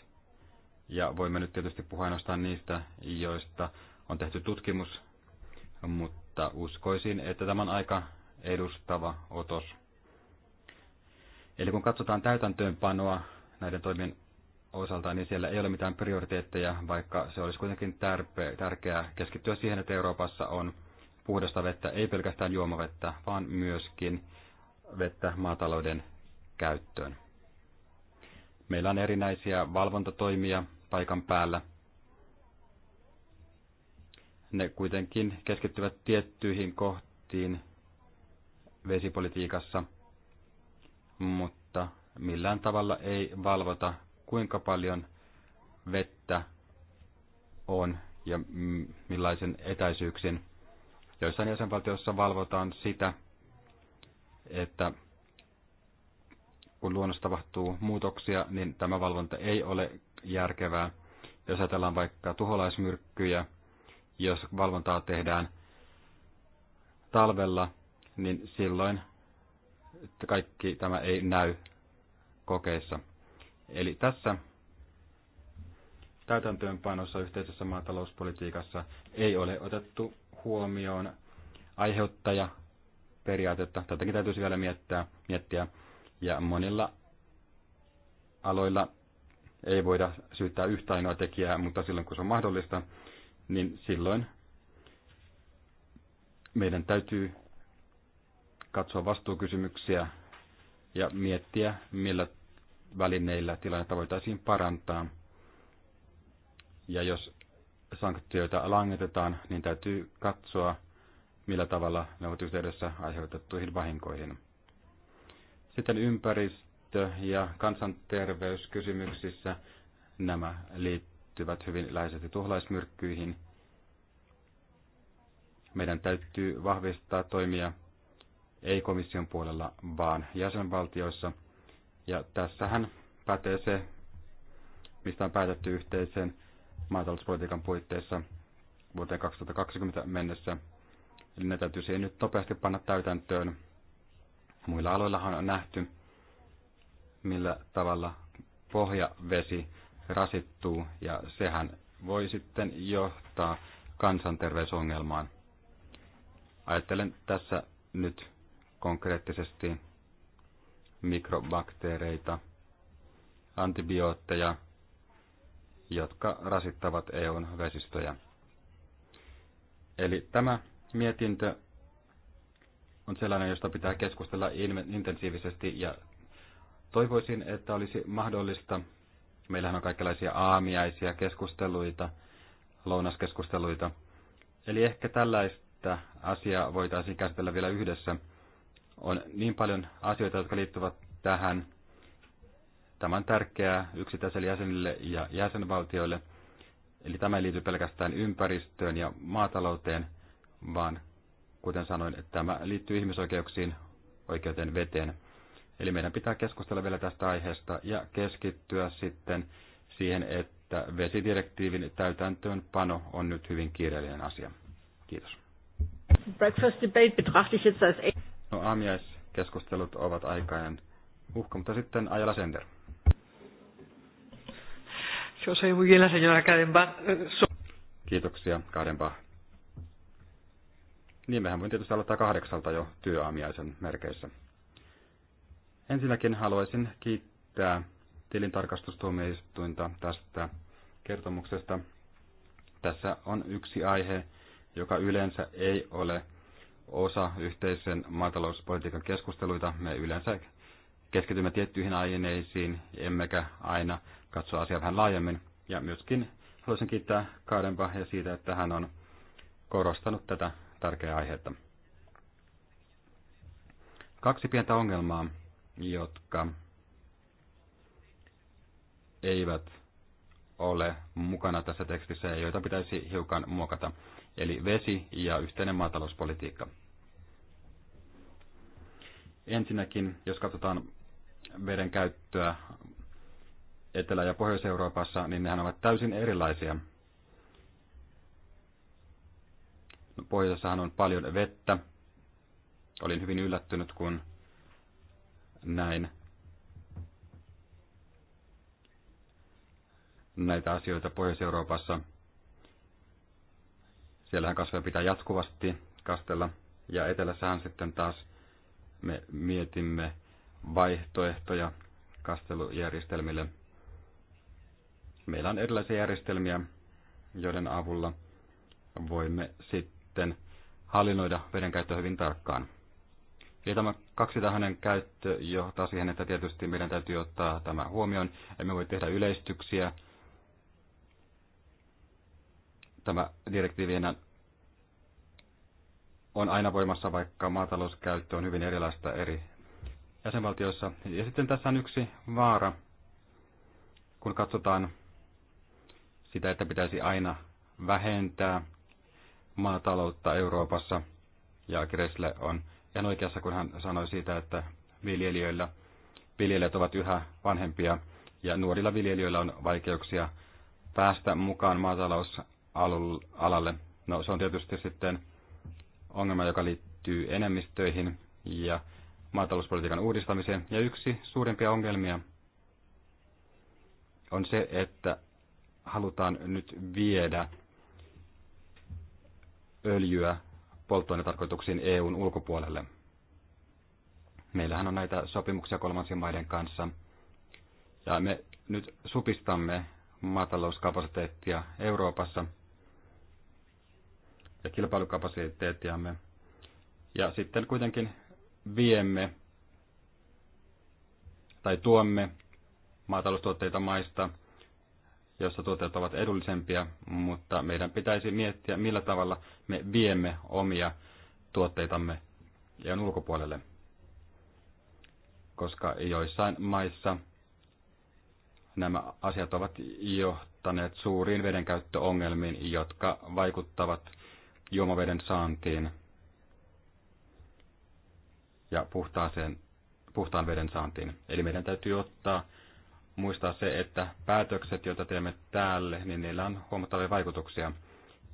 ja voimme nyt tietysti puhua ainoastaan niistä, joista on tehty tutkimus, mutta uskoisin, että tämä on aika edustava otos. Eli kun katsotaan täytäntöönpanoa näiden toimien osalta, niin siellä ei ole mitään prioriteetteja, vaikka se olisi kuitenkin tärpeä, tärkeää keskittyä siihen, että Euroopassa on puhdasta vettä, ei pelkästään juomavettä, vaan myöskin vettä maatalouden käyttöön. Meillä on erinäisiä valvontatoimia paikan päällä. Ne kuitenkin keskittyvät tiettyihin kohtiin vesipolitiikassa, mutta millään tavalla ei valvota, kuinka paljon vettä on ja millaisen etäisyyksin Joissain jäsenvaltioissa valvotaan sitä, että kun luonnossa tapahtuu muutoksia, niin tämä valvonta ei ole järkevää. Jos ajatellaan vaikka tuholaismyrkkyjä, jos valvontaa tehdään talvella, niin silloin kaikki tämä ei näy kokeissa. Eli tässä täytäntöönpanossa yhteisessä maatalouspolitiikassa ei ole otettu huomioon aiheuttaja periaatetta. Tätäkin täytyisi vielä miettiä, miettiä. Ja monilla aloilla ei voida syyttää yhtä ainoa tekijää, mutta silloin kun se on mahdollista, niin silloin meidän täytyy katsoa vastuukysymyksiä ja miettiä, millä välineillä tilannetta voitaisiin parantaa. Ja jos sanktioita langetetaan, niin täytyy katsoa, millä tavalla ne ovat yhteydessä aiheutettuihin vahinkoihin. Sitten ympäristö- ja kansanterveyskysymyksissä nämä liittyvät hyvin läheisesti tuhlaismyrkkyihin. Meidän täytyy vahvistaa toimia ei komission puolella, vaan jäsenvaltioissa. Ja tässähän pätee se, mistä on päätetty yhteisen maatalouspolitiikan puitteissa vuoteen 2020 mennessä. Eli ne täytyy siihen nyt nopeasti panna täytäntöön. Muilla aloillahan on nähty, millä tavalla pohjavesi rasittuu, ja sehän voi sitten johtaa kansanterveysongelmaan. Ajattelen tässä nyt konkreettisesti mikrobakteereita, antibiootteja, jotka rasittavat EUn vesistöjä. Eli tämä mietintö on sellainen, josta pitää keskustella intensiivisesti ja toivoisin, että olisi mahdollista, meillähän on kaikenlaisia aamiaisia keskusteluita, lounaskeskusteluita, eli ehkä tällaista asiaa voitaisiin käsitellä vielä yhdessä. On niin paljon asioita, jotka liittyvät tähän Tämä on tärkeää yksittäiselle jäsenille ja jäsenvaltioille. Eli tämä ei liity pelkästään ympäristöön ja maatalouteen, vaan kuten sanoin, että tämä liittyy ihmisoikeuksiin, oikeuteen veteen. Eli meidän pitää keskustella vielä tästä aiheesta ja keskittyä sitten siihen, että vesidirektiivin täytäntöönpano on nyt hyvin kiireellinen asia. Kiitos. Breakfast debate betrachte ich jetzt als... No aamiaiskeskustelut ovat aikainen uhka, mutta sitten Ajala Sender. Yo muy bien la señora Kadenbach. So- Kiitoksia, Kadenbach. Niin, mehän voin tietysti aloittaa kahdeksalta jo työaamiaisen merkeissä. Ensinnäkin haluaisin kiittää tilintarkastustuomioistuinta tästä kertomuksesta. Tässä on yksi aihe, joka yleensä ei ole osa yhteisen maatalouspolitiikan keskusteluita. Me yleensä keskitymme tiettyihin aineisiin, emmekä aina katsoa asiaa vähän laajemmin. Ja myöskin haluaisin kiittää Kaadenpa ja siitä, että hän on korostanut tätä tärkeää aihetta. Kaksi pientä ongelmaa, jotka eivät ole mukana tässä tekstissä ja joita pitäisi hiukan muokata, eli vesi ja yhteinen maatalouspolitiikka. Ensinnäkin, jos katsotaan veden käyttöä Etelä- ja Pohjois-Euroopassa, niin nehän ovat täysin erilaisia. No, Pohjoisessahan on paljon vettä. Olin hyvin yllättynyt, kun näin näitä asioita Pohjois-Euroopassa. Siellähän kasveja pitää jatkuvasti kastella. Ja etelässähän sitten taas me mietimme vaihtoehtoja kastelujärjestelmille – meillä on erilaisia järjestelmiä, joiden avulla voimme sitten hallinnoida käyttöä hyvin tarkkaan. Eli tämä kaksitahoinen käyttö johtaa siihen, että tietysti meidän täytyy ottaa tämä huomioon. Emme voi tehdä yleistyksiä. Tämä direktiivi on aina voimassa, vaikka maatalouskäyttö on hyvin erilaista eri jäsenvaltioissa. Ja sitten tässä on yksi vaara, kun katsotaan sitä, että pitäisi aina vähentää maataloutta Euroopassa. Ja Gressle on ihan oikeassa, kun hän sanoi siitä, että viljelijöillä, viljelijät ovat yhä vanhempia ja nuorilla viljelijöillä on vaikeuksia päästä mukaan maatalousalalle. No se on tietysti sitten ongelma, joka liittyy enemmistöihin ja maatalouspolitiikan uudistamiseen. Ja yksi suurimpia ongelmia on se, että halutaan nyt viedä öljyä polttoainetarkoituksiin EUn ulkopuolelle. Meillähän on näitä sopimuksia kolmansien maiden kanssa, ja me nyt supistamme maatalouskapasiteettia Euroopassa ja kilpailukapasiteettiamme. Ja sitten kuitenkin viemme tai tuomme maataloustuotteita maista, jossa tuotteet ovat edullisempia, mutta meidän pitäisi miettiä, millä tavalla me viemme omia tuotteitamme ja ulkopuolelle. Koska joissain maissa nämä asiat ovat johtaneet suuriin vedenkäyttöongelmiin, jotka vaikuttavat juomaveden saantiin ja puhtaaseen, puhtaan veden saantiin. Eli meidän täytyy ottaa muistaa se, että päätökset, joita teemme täällä, niin niillä on huomattavia vaikutuksia.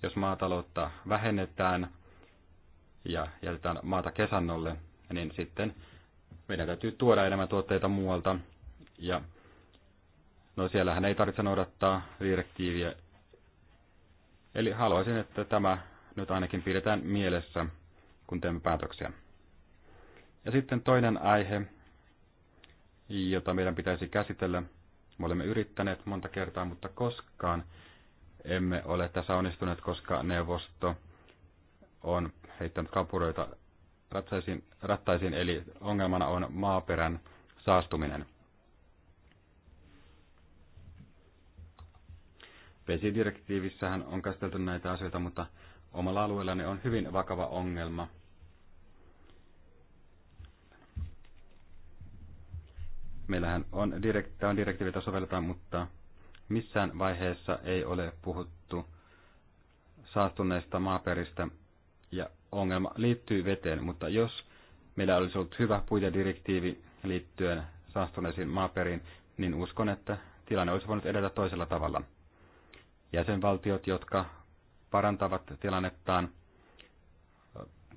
Jos maataloutta vähennetään ja jätetään maata kesannolle, niin sitten meidän täytyy tuoda enemmän tuotteita muualta. Ja no siellähän ei tarvitse noudattaa direktiiviä. Eli haluaisin, että tämä nyt ainakin pidetään mielessä, kun teemme päätöksiä. Ja sitten toinen aihe, jota meidän pitäisi käsitellä. Me olemme yrittäneet monta kertaa, mutta koskaan emme ole tässä onnistuneet, koska neuvosto on heittänyt kapuroita rattaisiin, rattaisiin, eli ongelmana on maaperän saastuminen. Vesidirektiivissähän on käsitelty näitä asioita, mutta omalla alueellani on hyvin vakava ongelma – Meillähän on, direkt, on direktiivi, jota sovelletaan, mutta missään vaiheessa ei ole puhuttu saastuneista maaperistä ja ongelma liittyy veteen, mutta jos meillä olisi ollut hyvä puitedirektiivi liittyen saastuneisiin maaperiin, niin uskon, että tilanne olisi voinut edetä toisella tavalla. Jäsenvaltiot, jotka parantavat tilannettaan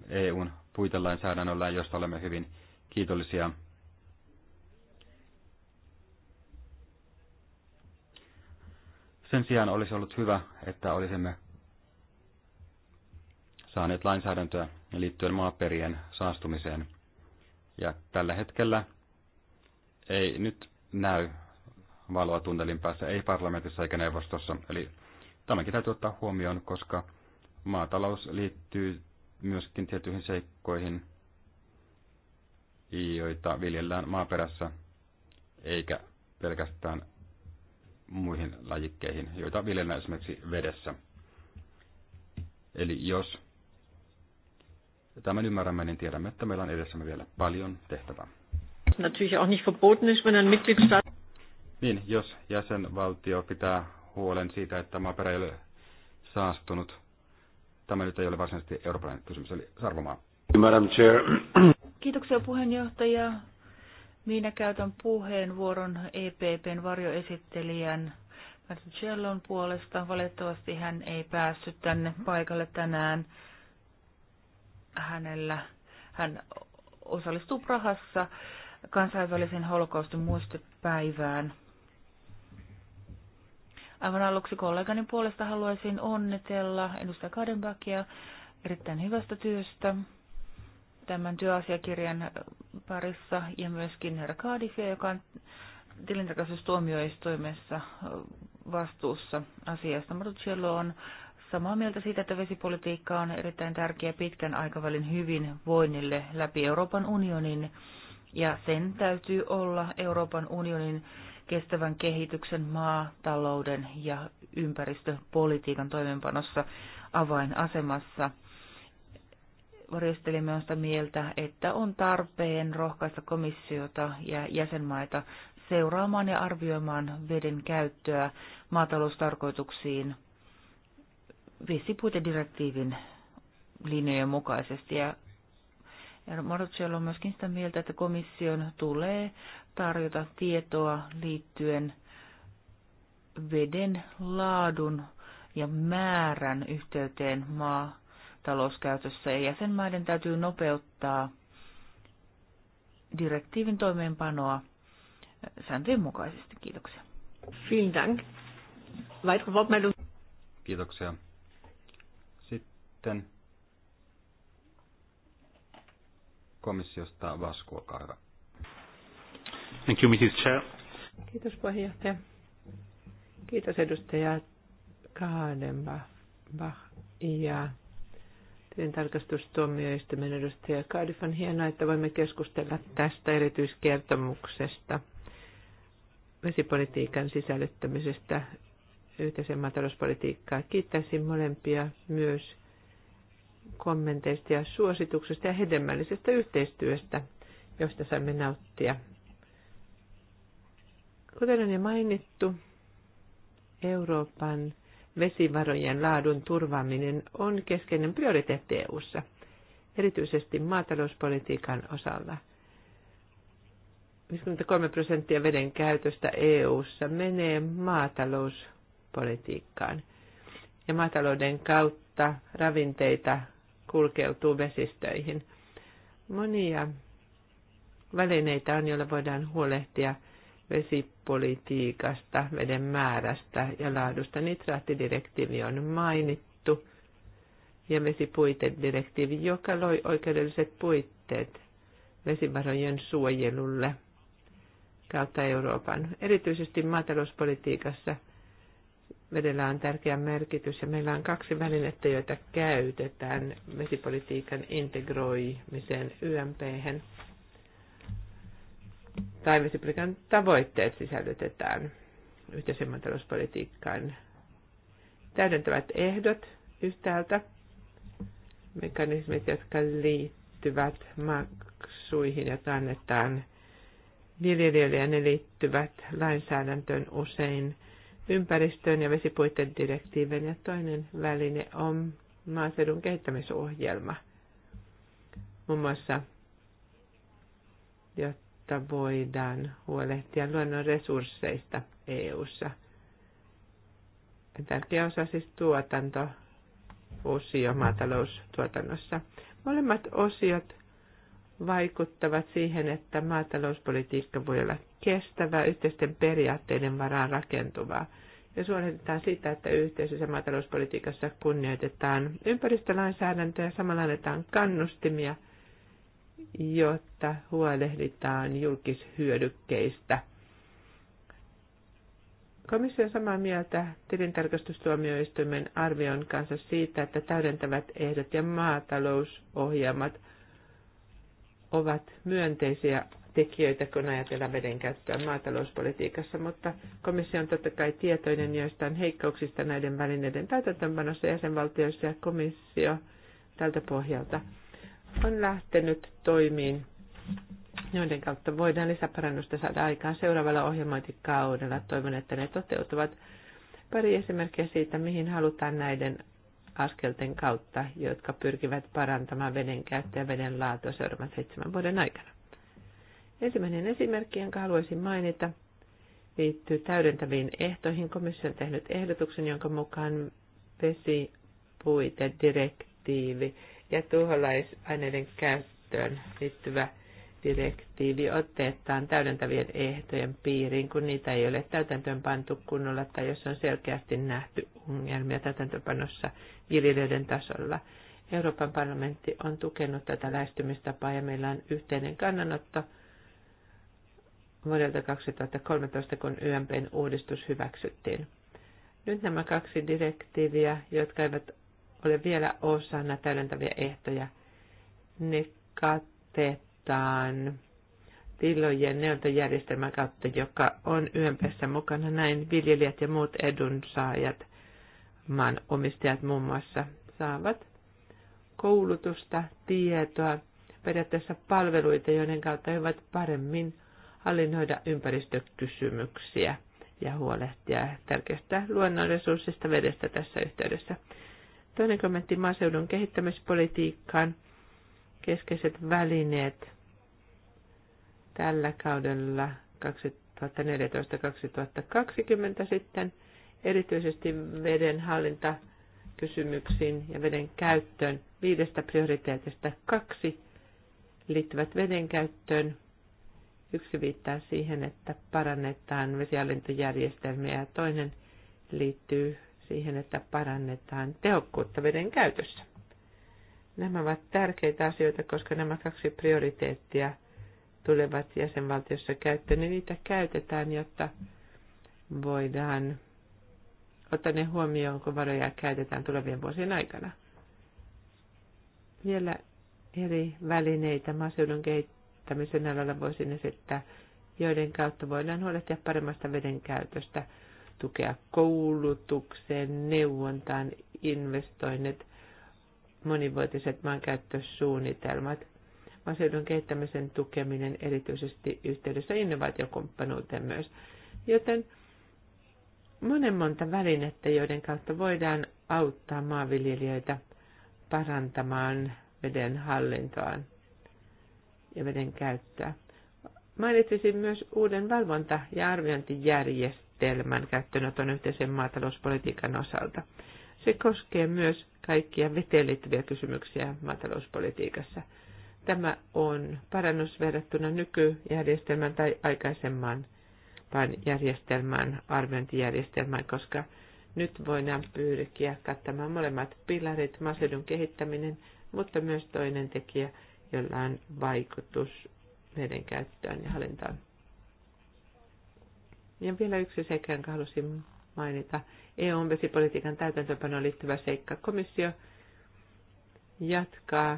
EUn puitelainsäädännöllä, josta olemme hyvin kiitollisia, Sen sijaan olisi ollut hyvä, että olisimme saaneet lainsäädäntöä liittyen maaperien saastumiseen. Ja tällä hetkellä ei nyt näy valoa tunnelin päässä, ei parlamentissa eikä neuvostossa. Eli tämäkin täytyy ottaa huomioon, koska maatalous liittyy myöskin tiettyihin seikkoihin, joita viljellään maaperässä, eikä pelkästään muihin lajikkeihin, joita viljellään esimerkiksi vedessä. Eli jos tämän ymmärrämme, niin tiedämme, että meillä on edessämme vielä paljon tehtävää. Natürlich auch nicht verboten ist, wenn ein Mitgliedstaat... Niin, jos jäsenvaltio pitää huolen siitä, että maaperä ei ole saastunut, tämä nyt ei ole varsinaisesti eurooppalainen kysymys, eli Sarvomaa. Madam Chair. Kiitoksia puheenjohtaja. Minä käytän puheenvuoron EPPn varjoesittelijän Marcellon puolesta. Valitettavasti hän ei päässyt tänne paikalle tänään. Hänellä, hän osallistuu Prahassa kansainvälisen holokaustin muistepäivään. Aivan aluksi kollegani puolesta haluaisin onnitella edustaja Kadenbakia erittäin hyvästä työstä tämän työasiakirjan parissa ja myöskin herra Kaadisia, joka on tilintarkastustuomioistuimessa vastuussa asiasta. Marucello on samaa mieltä siitä, että vesipolitiikka on erittäin tärkeä pitkän aikavälin hyvinvoinnille läpi Euroopan unionin ja sen täytyy olla Euroopan unionin kestävän kehityksen, maatalouden ja ympäristöpolitiikan toimeenpanossa avainasemassa – varjostelimme on sitä mieltä, että on tarpeen rohkaista komissiota ja jäsenmaita seuraamaan ja arvioimaan veden käyttöä maataloustarkoituksiin vesipuitedirektiivin linjojen mukaisesti. Ja Marocello on myöskin sitä mieltä, että komission tulee tarjota tietoa liittyen veden laadun ja määrän yhteyteen maa talouskäytössä ja jäsenmaiden täytyy nopeuttaa direktiivin toimeenpanoa sääntöjen mukaisesti. Kiitoksia. Vielen Dank. Kiitoksia. Sitten komissiosta Vasku, olkaa hyvä. Thank you, Mrs. Chair. Kiitos puheenjohtaja. Kiitos edustaja Kaadenbach ja tilintarkastustuomioistuimen edustaja Cardiff. On hienoa, että voimme keskustella tästä erityiskertomuksesta vesipolitiikan sisällyttämisestä yhteisen maatalouspolitiikkaa. Kiittäisin molempia myös kommenteista ja suosituksista ja hedelmällisestä yhteistyöstä, josta saimme nauttia. Kuten on jo mainittu, Euroopan vesivarojen laadun turvaaminen on keskeinen prioriteetti EU:ssa, erityisesti maatalouspolitiikan osalla. 53 prosenttia veden käytöstä EU:ssa menee maatalouspolitiikkaan. Ja maatalouden kautta ravinteita kulkeutuu vesistöihin. Monia välineitä on, joilla voidaan huolehtia vesipolitiikasta, veden määrästä ja laadusta. Nitraattidirektiivi on mainittu ja vesipuitedirektiivi, joka loi oikeudelliset puitteet vesivarojen suojelulle kautta Euroopan. Erityisesti maatalouspolitiikassa vedellä on tärkeä merkitys ja meillä on kaksi välinettä, joita käytetään vesipolitiikan integroimiseen YMP. -hän tai tavoitteet sisällytetään yhteisemman talouspolitiikkaan. Täydentävät ehdot yhtäältä, mekanismit, jotka liittyvät maksuihin, ja annetaan viljelijöille, ja ne liittyvät lainsäädäntöön usein ympäristöön ja vesipuitten direktiiveen, ja toinen väline on maaseudun kehittämisohjelma, muun muassa, jotta jotta voidaan huolehtia luonnon resursseista EU:ssa. Tärkeä osa siis tuotanto, osio maataloustuotannossa. Molemmat osiot vaikuttavat siihen, että maatalouspolitiikka voi olla kestävää, yhteisten periaatteiden varaan rakentuvaa. Ja suoritetaan sitä, että yhteisössä maatalouspolitiikassa kunnioitetaan ympäristölainsäädäntöä ja samalla annetaan kannustimia – jotta huolehditaan julkishyödykkeistä. Komissio on samaa mieltä tilintarkastustuomioistuimen arvion kanssa siitä, että täydentävät ehdot ja maatalousohjelmat ovat myönteisiä tekijöitä, kun ajatellaan vedenkäyttöä maatalouspolitiikassa, mutta komissio on totta kai tietoinen joistain heikkouksista näiden välineiden täytäntöönpanossa jäsenvaltioissa ja komissio tältä pohjalta on lähtenyt toimiin, joiden kautta voidaan lisäparannusta saada aikaan seuraavalla ohjelmointikaudella. Toivon, että ne toteutuvat. Pari esimerkkiä siitä, mihin halutaan näiden askelten kautta, jotka pyrkivät parantamaan veden käyttöä ja veden laatua seuraavan seitsemän vuoden aikana. Ensimmäinen esimerkki, jonka haluaisin mainita, liittyy täydentäviin ehtoihin. Komissio on tehnyt ehdotuksen, jonka mukaan vesipuitedirektiivi direktiivi ja tuholaisaineiden käyttöön liittyvä direktiivi otetaan täydentävien ehtojen piiriin, kun niitä ei ole täytäntöön pantu kunnolla tai jos on selkeästi nähty ongelmia täytäntöönpanossa viljelijöiden tasolla. Euroopan parlamentti on tukenut tätä lähestymistapaa ja meillä on yhteinen kannanotto vuodelta 2013, kun YMPn uudistus hyväksyttiin. Nyt nämä kaksi direktiiviä, jotka eivät ole vielä osana täydentäviä ehtoja. Ne katetaan tilojen neuvontajärjestelmän kautta, joka on ympessä mukana. Näin viljelijät ja muut edunsaajat, maan omistajat muun muassa, saavat koulutusta, tietoa, periaatteessa palveluita, joiden kautta he voivat paremmin hallinnoida ympäristökysymyksiä ja huolehtia tärkeistä luonnonresurssista vedestä tässä yhteydessä. Toinen kommentti maaseudun kehittämispolitiikkaan. Keskeiset välineet tällä kaudella 2014-2020 sitten erityisesti veden hallinta kysymyksiin ja veden käyttöön. Viidestä prioriteetista kaksi liittyvät veden käyttöön. Yksi viittaa siihen, että parannetaan vesihallintojärjestelmiä ja toinen liittyy siihen, että parannetaan tehokkuutta veden käytössä. Nämä ovat tärkeitä asioita, koska nämä kaksi prioriteettia tulevat jäsenvaltiossa käyttöön, niin niitä käytetään, jotta voidaan ottaa ne huomioon, kun varoja käytetään tulevien vuosien aikana. Vielä eri välineitä maaseudun kehittämisen alalla voisin esittää, joiden kautta voidaan huolehtia paremmasta veden käytöstä – tukea koulutukseen, neuvontaan, investoinnit, monivuotiset maankäyttösuunnitelmat, maaseudun kehittämisen tukeminen erityisesti yhteydessä innovaatiokumppanuuteen myös. Joten monen monta välinettä, joiden kautta voidaan auttaa maanviljelijöitä parantamaan veden hallintoaan ja veden käyttöä. Mainitsisin myös uuden valvonta- ja arviointijärjestelmän järjestelmän käyttöönoton yhteisen maatalouspolitiikan osalta. Se koskee myös kaikkia veteen liittyviä kysymyksiä maatalouspolitiikassa. Tämä on parannus verrattuna nykyjärjestelmän tai aikaisemman järjestelmän arviointijärjestelmään, koska nyt voidaan pyrkiä kattamaan molemmat pilarit, maaseudun kehittäminen, mutta myös toinen tekijä, jolla on vaikutus meidän käyttöön ja hallintaan. Ja vielä yksi seikka, jonka halusin mainita. EUn vesipolitiikan täytäntöönpanoon liittyvä seikka. Komissio jatkaa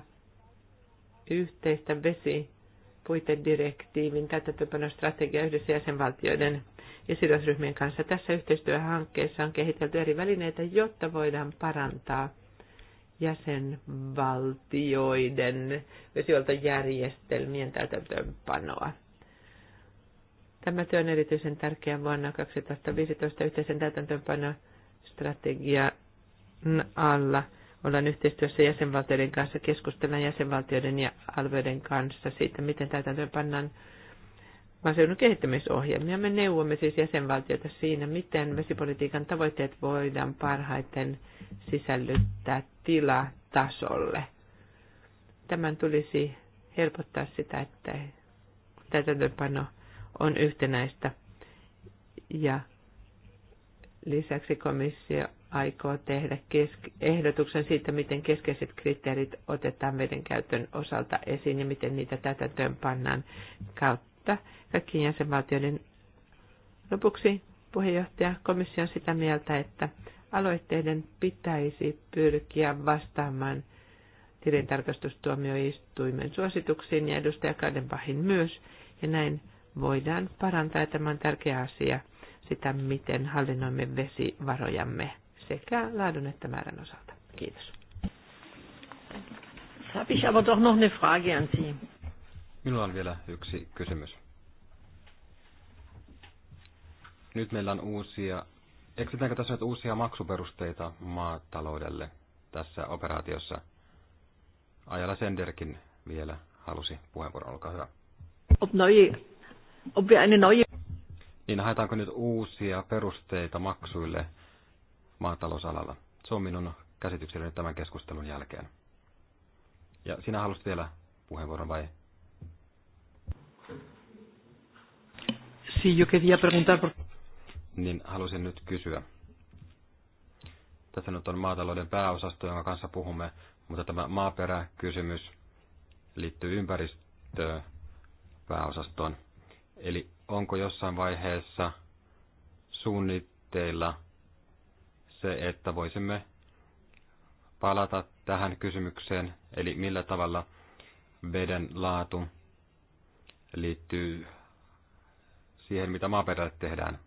yhteistä vesipuitedirektiivin täytäntöönpanostrategiaa yhdessä jäsenvaltioiden ja sidosryhmien kanssa. Tässä yhteistyöhankkeessa on kehitelty eri välineitä, jotta voidaan parantaa jäsenvaltioiden vesihuoltojärjestelmien täytäntöönpanoa. Tämä työ on erityisen tärkeä vuonna 2015 yhteisen täytäntöönpanostrategian alla. Ollaan yhteistyössä jäsenvaltioiden kanssa, keskustellaan jäsenvaltioiden ja alueiden kanssa siitä, miten täytäntöönpannaan maaseudun kehittämisohjelmia. Me neuvomme siis jäsenvaltioita siinä, miten vesipolitiikan tavoitteet voidaan parhaiten sisällyttää tilatasolle. Tämän tulisi helpottaa sitä, että täytäntöönpano on yhtenäistä. Ja lisäksi komissio aikoo tehdä ehdotuksen siitä, miten keskeiset kriteerit otetaan käytön osalta esiin ja miten niitä työn pannaan kautta kaikkien jäsenvaltioiden. Lopuksi puheenjohtaja komissio on sitä mieltä, että aloitteiden pitäisi pyrkiä vastaamaan tilintarkastustuomioistuimen suosituksiin ja edustaja Kadenbachin myös, ja näin voidaan parantaa, tämän tämä tärkeä asia, sitä miten hallinnoimme vesivarojamme sekä laadun että määrän osalta. Kiitos. Habe ich aber doch noch eine Frage an Sie. Minulla on vielä yksi kysymys. Nyt meillä on uusia, eksitäänkö tässä nyt uusia maksuperusteita maataloudelle tässä operaatiossa? Ajala Senderkin vielä halusi puheenvuoron, olkaa hyvä. Ob neue ob wir eine neue... Niin haetaanko nyt uusia perusteita maksuille maatalousalalla? Se on minun käsitykseni tämän keskustelun jälkeen. Ja sinä halusit vielä puheenvuoron vai? Sí, yo quería preguntar por... Niin halusin nyt kysyä. Tässä nyt on maatalouden pääosasto, jonka kanssa puhumme, mutta tämä maaperäkysymys liittyy ympäristöön pääosastoon. Eli onko jossain vaiheessa suunnitteilla se, että voisimme palata tähän kysymykseen, eli millä tavalla veden laatu liittyy siihen, mitä maaperälle tehdään.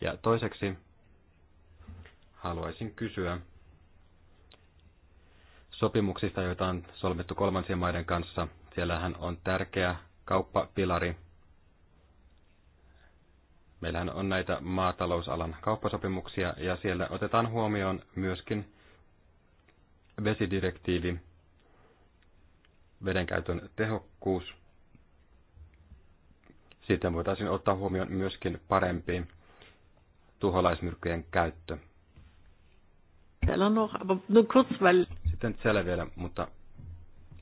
Ja toiseksi haluaisin kysyä sopimuksista, joita on solmittu kolmansien maiden kanssa. Siellähän on tärkeä kauppapilari, Meillähän on näitä maatalousalan kauppasopimuksia ja siellä otetaan huomioon myöskin vesidirektiivi, vedenkäytön tehokkuus. Sitten voitaisiin ottaa huomioon myöskin parempi tuholaismyrkkyjen käyttö. Sitten siellä vielä, mutta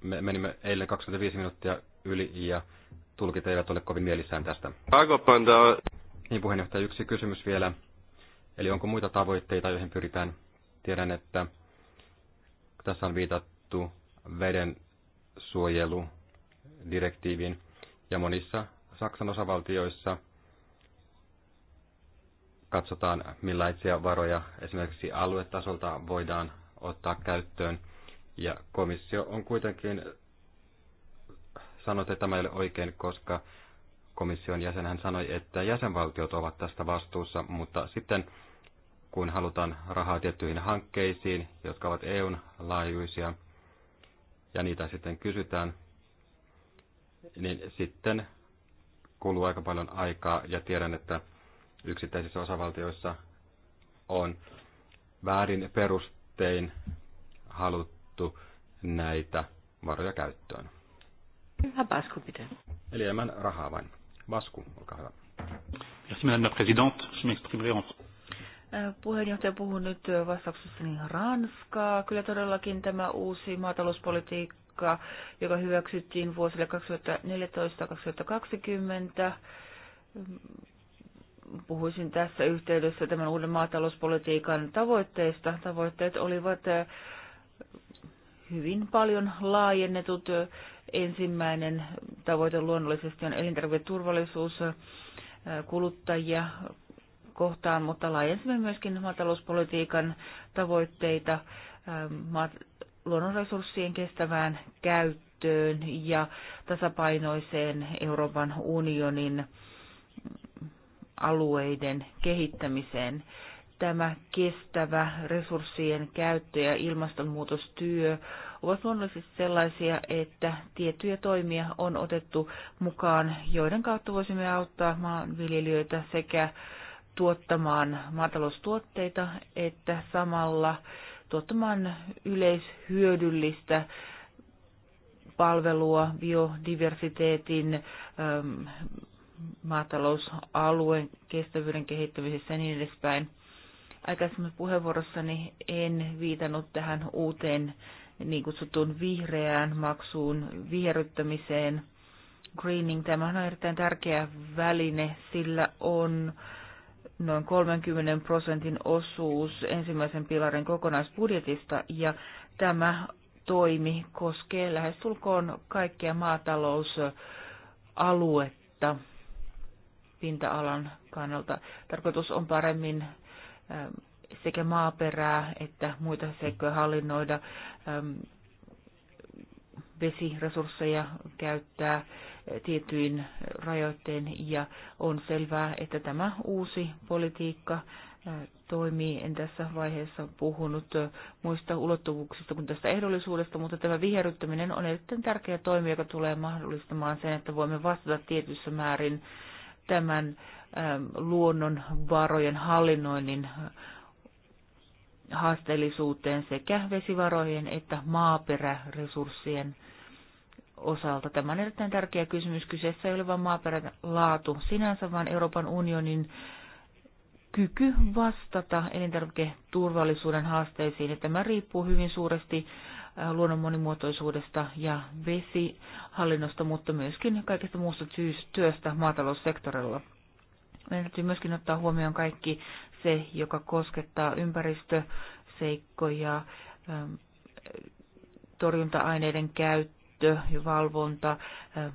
me menimme eilen 25 minuuttia yli ja tulkit eivät ole kovin mielissään tästä. Niin puheenjohtaja, yksi kysymys vielä. Eli onko muita tavoitteita, joihin pyritään? Tiedän, että tässä on viitattu veden suojeludirektiiviin ja monissa Saksan osavaltioissa katsotaan, millaisia varoja esimerkiksi aluetasolta voidaan ottaa käyttöön. Ja komissio on kuitenkin sanonut, että tämä ei ole oikein, koska komission jäsen, hän sanoi, että jäsenvaltiot ovat tästä vastuussa, mutta sitten kun halutaan rahaa tiettyihin hankkeisiin, jotka ovat EUn laajuisia, ja niitä sitten kysytään, niin sitten kuluu aika paljon aikaa, ja tiedän, että yksittäisissä osavaltioissa on väärin perustein haluttu näitä varoja käyttöön. Eli enemmän rahaa vain. Basku, olkaa hyvä. Merci, madame la présidente. Je m'exprimerai en äh, Puheenjohtaja puhuu nyt äh, vastauksessani Ranskaa. Kyllä todellakin tämä uusi maatalouspolitiikka, joka hyväksyttiin vuosille 2014-2020, mm, puhuisin tässä yhteydessä tämän uuden maatalouspolitiikan tavoitteista. Tavoitteet olivat äh, hyvin paljon laajennetut Ensimmäinen tavoite luonnollisesti on elintarviketurvallisuus kuluttajia kohtaan, mutta laajensimme myöskin maatalouspolitiikan tavoitteita luonnonresurssien kestävään käyttöön ja tasapainoiseen Euroopan unionin alueiden kehittämiseen. Tämä kestävä resurssien käyttö ja ilmastonmuutostyö ovat luonnollisesti sellaisia, että tiettyjä toimia on otettu mukaan, joiden kautta voisimme auttaa maanviljelijöitä sekä tuottamaan maataloustuotteita että samalla tuottamaan yleishyödyllistä palvelua biodiversiteetin, ähm, maatalousalueen kestävyyden kehittämisessä ja niin edespäin Aikaisemmin puheenvuorossani en viitannut tähän uuteen niin kutsuttuun vihreään maksuun, viheryttämiseen Greening, tämä on erittäin tärkeä väline, sillä on noin 30 prosentin osuus ensimmäisen pilarin kokonaisbudjetista ja tämä toimi koskee lähestulkoon kaikkea maatalousaluetta pinta-alan kannalta. Tarkoitus on paremmin ähm, sekä maaperää että muita seikkoja hallinnoida, ähm, vesiresursseja käyttää tietyin rajoitteen ja on selvää, että tämä uusi politiikka äh, toimii. En tässä vaiheessa puhunut äh, muista ulottuvuuksista kuin tästä ehdollisuudesta, mutta tämä viherryttäminen on erittäin tärkeä toimi, joka tulee mahdollistamaan sen, että voimme vastata tietyssä määrin tämän ähm, luonnonvarojen hallinnoinnin äh, haasteellisuuteen sekä vesivarojen että maaperäresurssien osalta. Tämä on erittäin tärkeä kysymys. Kyseessä ei ole vain maaperän laatu sinänsä, vaan Euroopan unionin kyky vastata elintarviketurvallisuuden haasteisiin. Ja tämä riippuu hyvin suuresti äh, luonnon monimuotoisuudesta ja vesihallinnosta, mutta myöskin kaikesta muusta työstä maataloussektorilla. Meidän täytyy myöskin ottaa huomioon kaikki se, joka koskettaa ympäristöseikkoja, ähm, torjunta-aineiden käyttö ja valvonta, ähm,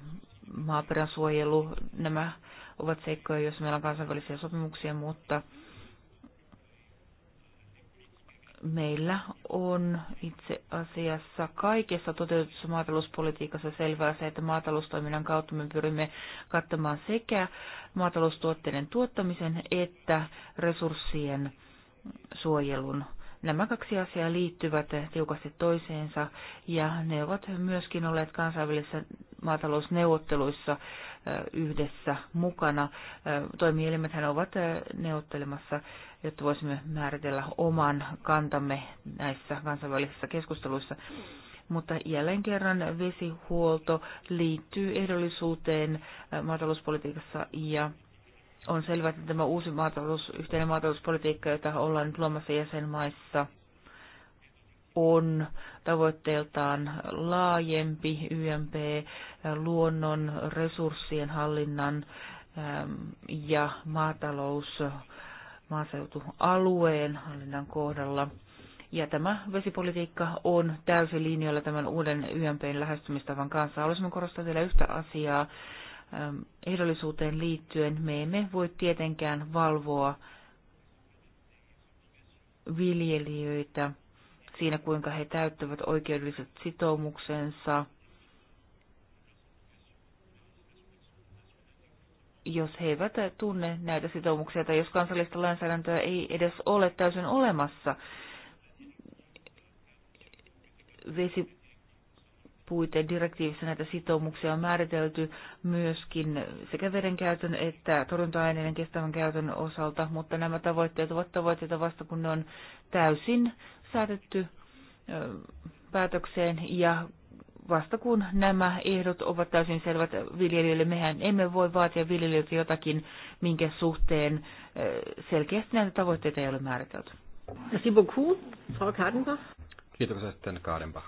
maaperän suojelu, nämä ovat seikkoja, jos meillä on kansainvälisiä sopimuksia, mutta meillä on itse asiassa kaikessa toteutetussa maatalouspolitiikassa selvää se, että maataloustoiminnan kautta me pyrimme kattamaan sekä maataloustuotteiden tuottamisen että resurssien suojelun. Nämä kaksi asiaa liittyvät tiukasti toiseensa ja ne ovat myöskin olleet kansainvälisissä maatalousneuvotteluissa yhdessä mukana. Toimielimethän ovat neuvottelemassa, jotta voisimme määritellä oman kantamme näissä kansainvälisissä keskusteluissa. Mutta jälleen kerran vesihuolto liittyy ehdollisuuteen maatalouspolitiikassa ja on selvää, että tämä uusi maatalous, yhteinen maatalouspolitiikka, jota ollaan nyt luomassa jäsenmaissa – on tavoitteeltaan laajempi YMP luonnon resurssien hallinnan ja maatalous maaseutualueen hallinnan kohdalla. Ja tämä vesipolitiikka on täysin linjoilla tämän uuden YMPn lähestymistavan kanssa. Haluaisimme korostaa vielä yhtä asiaa ehdollisuuteen liittyen. Me emme voi tietenkään valvoa viljelijöitä siinä, kuinka he täyttävät oikeudelliset sitoumuksensa. Jos he eivät tunne näitä sitoumuksia tai jos kansallista lainsäädäntöä ei edes ole täysin olemassa, direktiivissä näitä sitoumuksia on määritelty myöskin sekä vedenkäytön että torjunta-aineiden kestävän käytön osalta, mutta nämä tavoitteet ovat tavoitteita vasta kun ne on täysin saatettu päätökseen ja vasta kun nämä ehdot ovat täysin selvät viljelijöille, mehän emme voi vaatia viljelijöiltä jotakin, minkä suhteen selkeästi näitä tavoitteita ei ole määritelty. Merci beaucoup, Frau Kadenbach. sitten Kadenbach.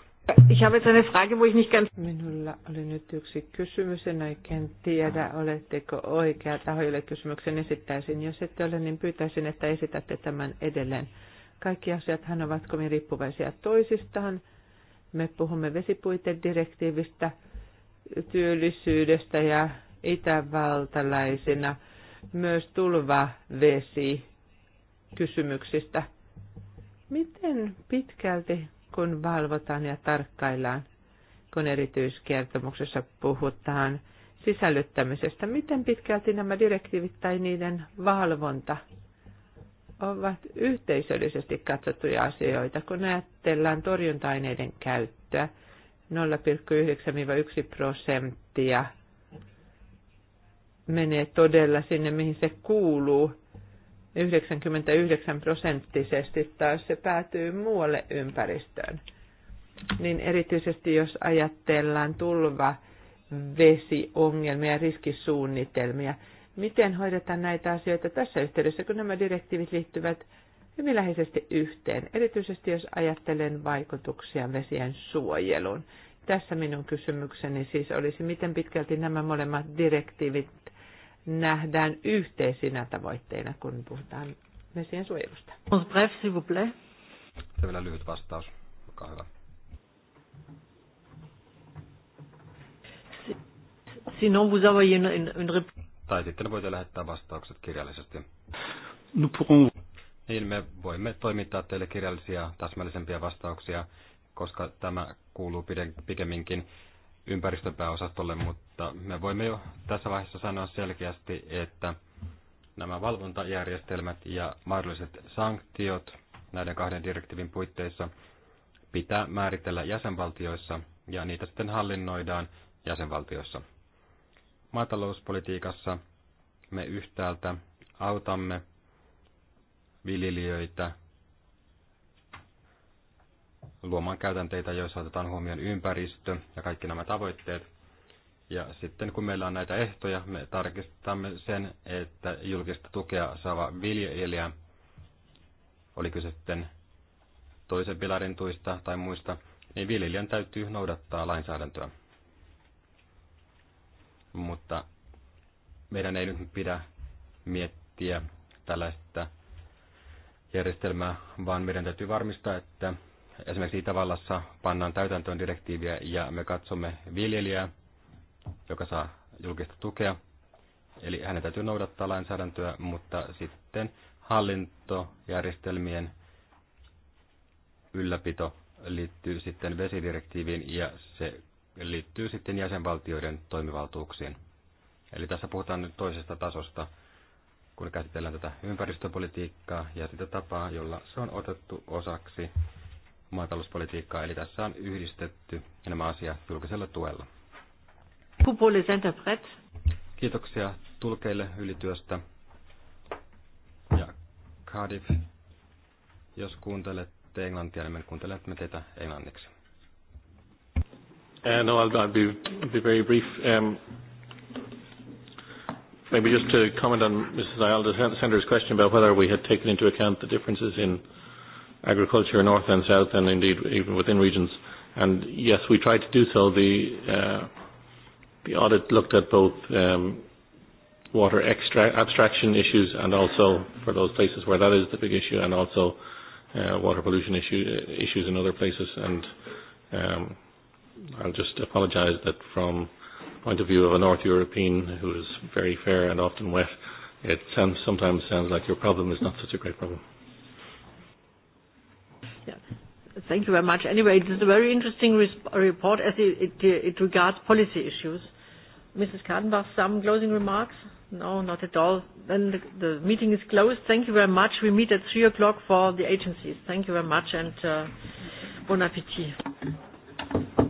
Ich habe jetzt eine Frage, wo ich nicht ganz... Minulla oli nyt yksi kysymys, en oikein tiedä, oletteko oikea taho, jolle kysymyksen esittäisin. Jos ette ole, niin pyytäisin, että esitätte tämän edelleen. Kaikki asiat hän ovat kovin riippuvaisia toisistaan. Me puhumme vesipuitedirektiivistä, työllisyydestä ja itävaltalaisina myös tulvavesi kysymyksistä. Miten pitkälti, kun valvotaan ja tarkkaillaan, kun erityiskertomuksessa puhutaan sisällyttämisestä, miten pitkälti nämä direktiivit tai niiden valvonta ovat yhteisöllisesti katsottuja asioita, kun ajatellaan torjunta-aineiden käyttöä 0,9-1 prosenttia menee todella sinne, mihin se kuuluu. 99 prosenttisesti taas se päätyy muualle ympäristöön. Niin erityisesti jos ajatellaan tulva, vesiongelmia ja riskisuunnitelmia, miten hoidetaan näitä asioita tässä yhteydessä, kun nämä direktiivit liittyvät hyvin läheisesti yhteen, erityisesti jos ajattelen vaikutuksia vesien suojeluun. Tässä minun kysymykseni siis olisi, miten pitkälti nämä molemmat direktiivit nähdään yhteisinä tavoitteina, kun puhutaan vesien suojelusta. Bref, s'il vous plaît. Se vielä lyhyt vastaus. Olkaa hyvä. Sinon, vous avez une, une, une tai sitten voitte lähettää vastaukset kirjallisesti. Niin me voimme toimittaa teille kirjallisia täsmällisempiä vastauksia, koska tämä kuuluu pikemminkin ympäristöpääosastolle, mutta me voimme jo tässä vaiheessa sanoa selkeästi, että nämä valvontajärjestelmät ja mahdolliset sanktiot näiden kahden direktiivin puitteissa pitää määritellä jäsenvaltioissa ja niitä sitten hallinnoidaan jäsenvaltioissa maatalouspolitiikassa me yhtäältä autamme viljelijöitä luomaan käytänteitä, joissa otetaan huomioon ympäristö ja kaikki nämä tavoitteet. Ja sitten kun meillä on näitä ehtoja, me tarkistamme sen, että julkista tukea saava viljelijä, oli kyse sitten toisen pilarin tuista tai muista, niin viljelijän täytyy noudattaa lainsäädäntöä mutta meidän ei nyt pidä miettiä tällaista järjestelmää, vaan meidän täytyy varmistaa, että esimerkiksi Itävallassa pannaan täytäntöön direktiiviä ja me katsomme viljelijää, joka saa julkista tukea. Eli hänen täytyy noudattaa lainsäädäntöä, mutta sitten hallintojärjestelmien ylläpito liittyy sitten vesidirektiiviin ja se liittyy sitten jäsenvaltioiden toimivaltuuksiin. Eli tässä puhutaan nyt toisesta tasosta, kun käsitellään tätä ympäristöpolitiikkaa ja sitä tapaa, jolla se on otettu osaksi maatalouspolitiikkaa. Eli tässä on yhdistetty nämä asiat julkisella tuella. Kiitoksia tulkeille ylityöstä. Ja Cardiff, jos kuuntelette englantia, niin me kuuntelemme teitä englanniksi. Uh, no, I'll, I'll, be, I'll be very brief. Um, maybe just to comment on Mrs. Ayala senator's question about whether we had taken into account the differences in agriculture north and south and indeed even within regions. And yes, we tried to do so. The, uh, the audit looked at both um, water extra- abstraction issues and also for those places where that is the big issue and also uh, water pollution issue, uh, issues in other places. And um, I'll just apologise that from the point of view of a North European who is very fair and often wet, it sounds, sometimes sounds like your problem is not such a great problem. Yeah. Thank you very much. Anyway, it is a very interesting report as it, it, it regards policy issues. Mrs. Kadenbach, some closing remarks? No, not at all. Then the, the meeting is closed. Thank you very much. We meet at 3 o'clock for the agencies. Thank you very much and uh, bon appetit.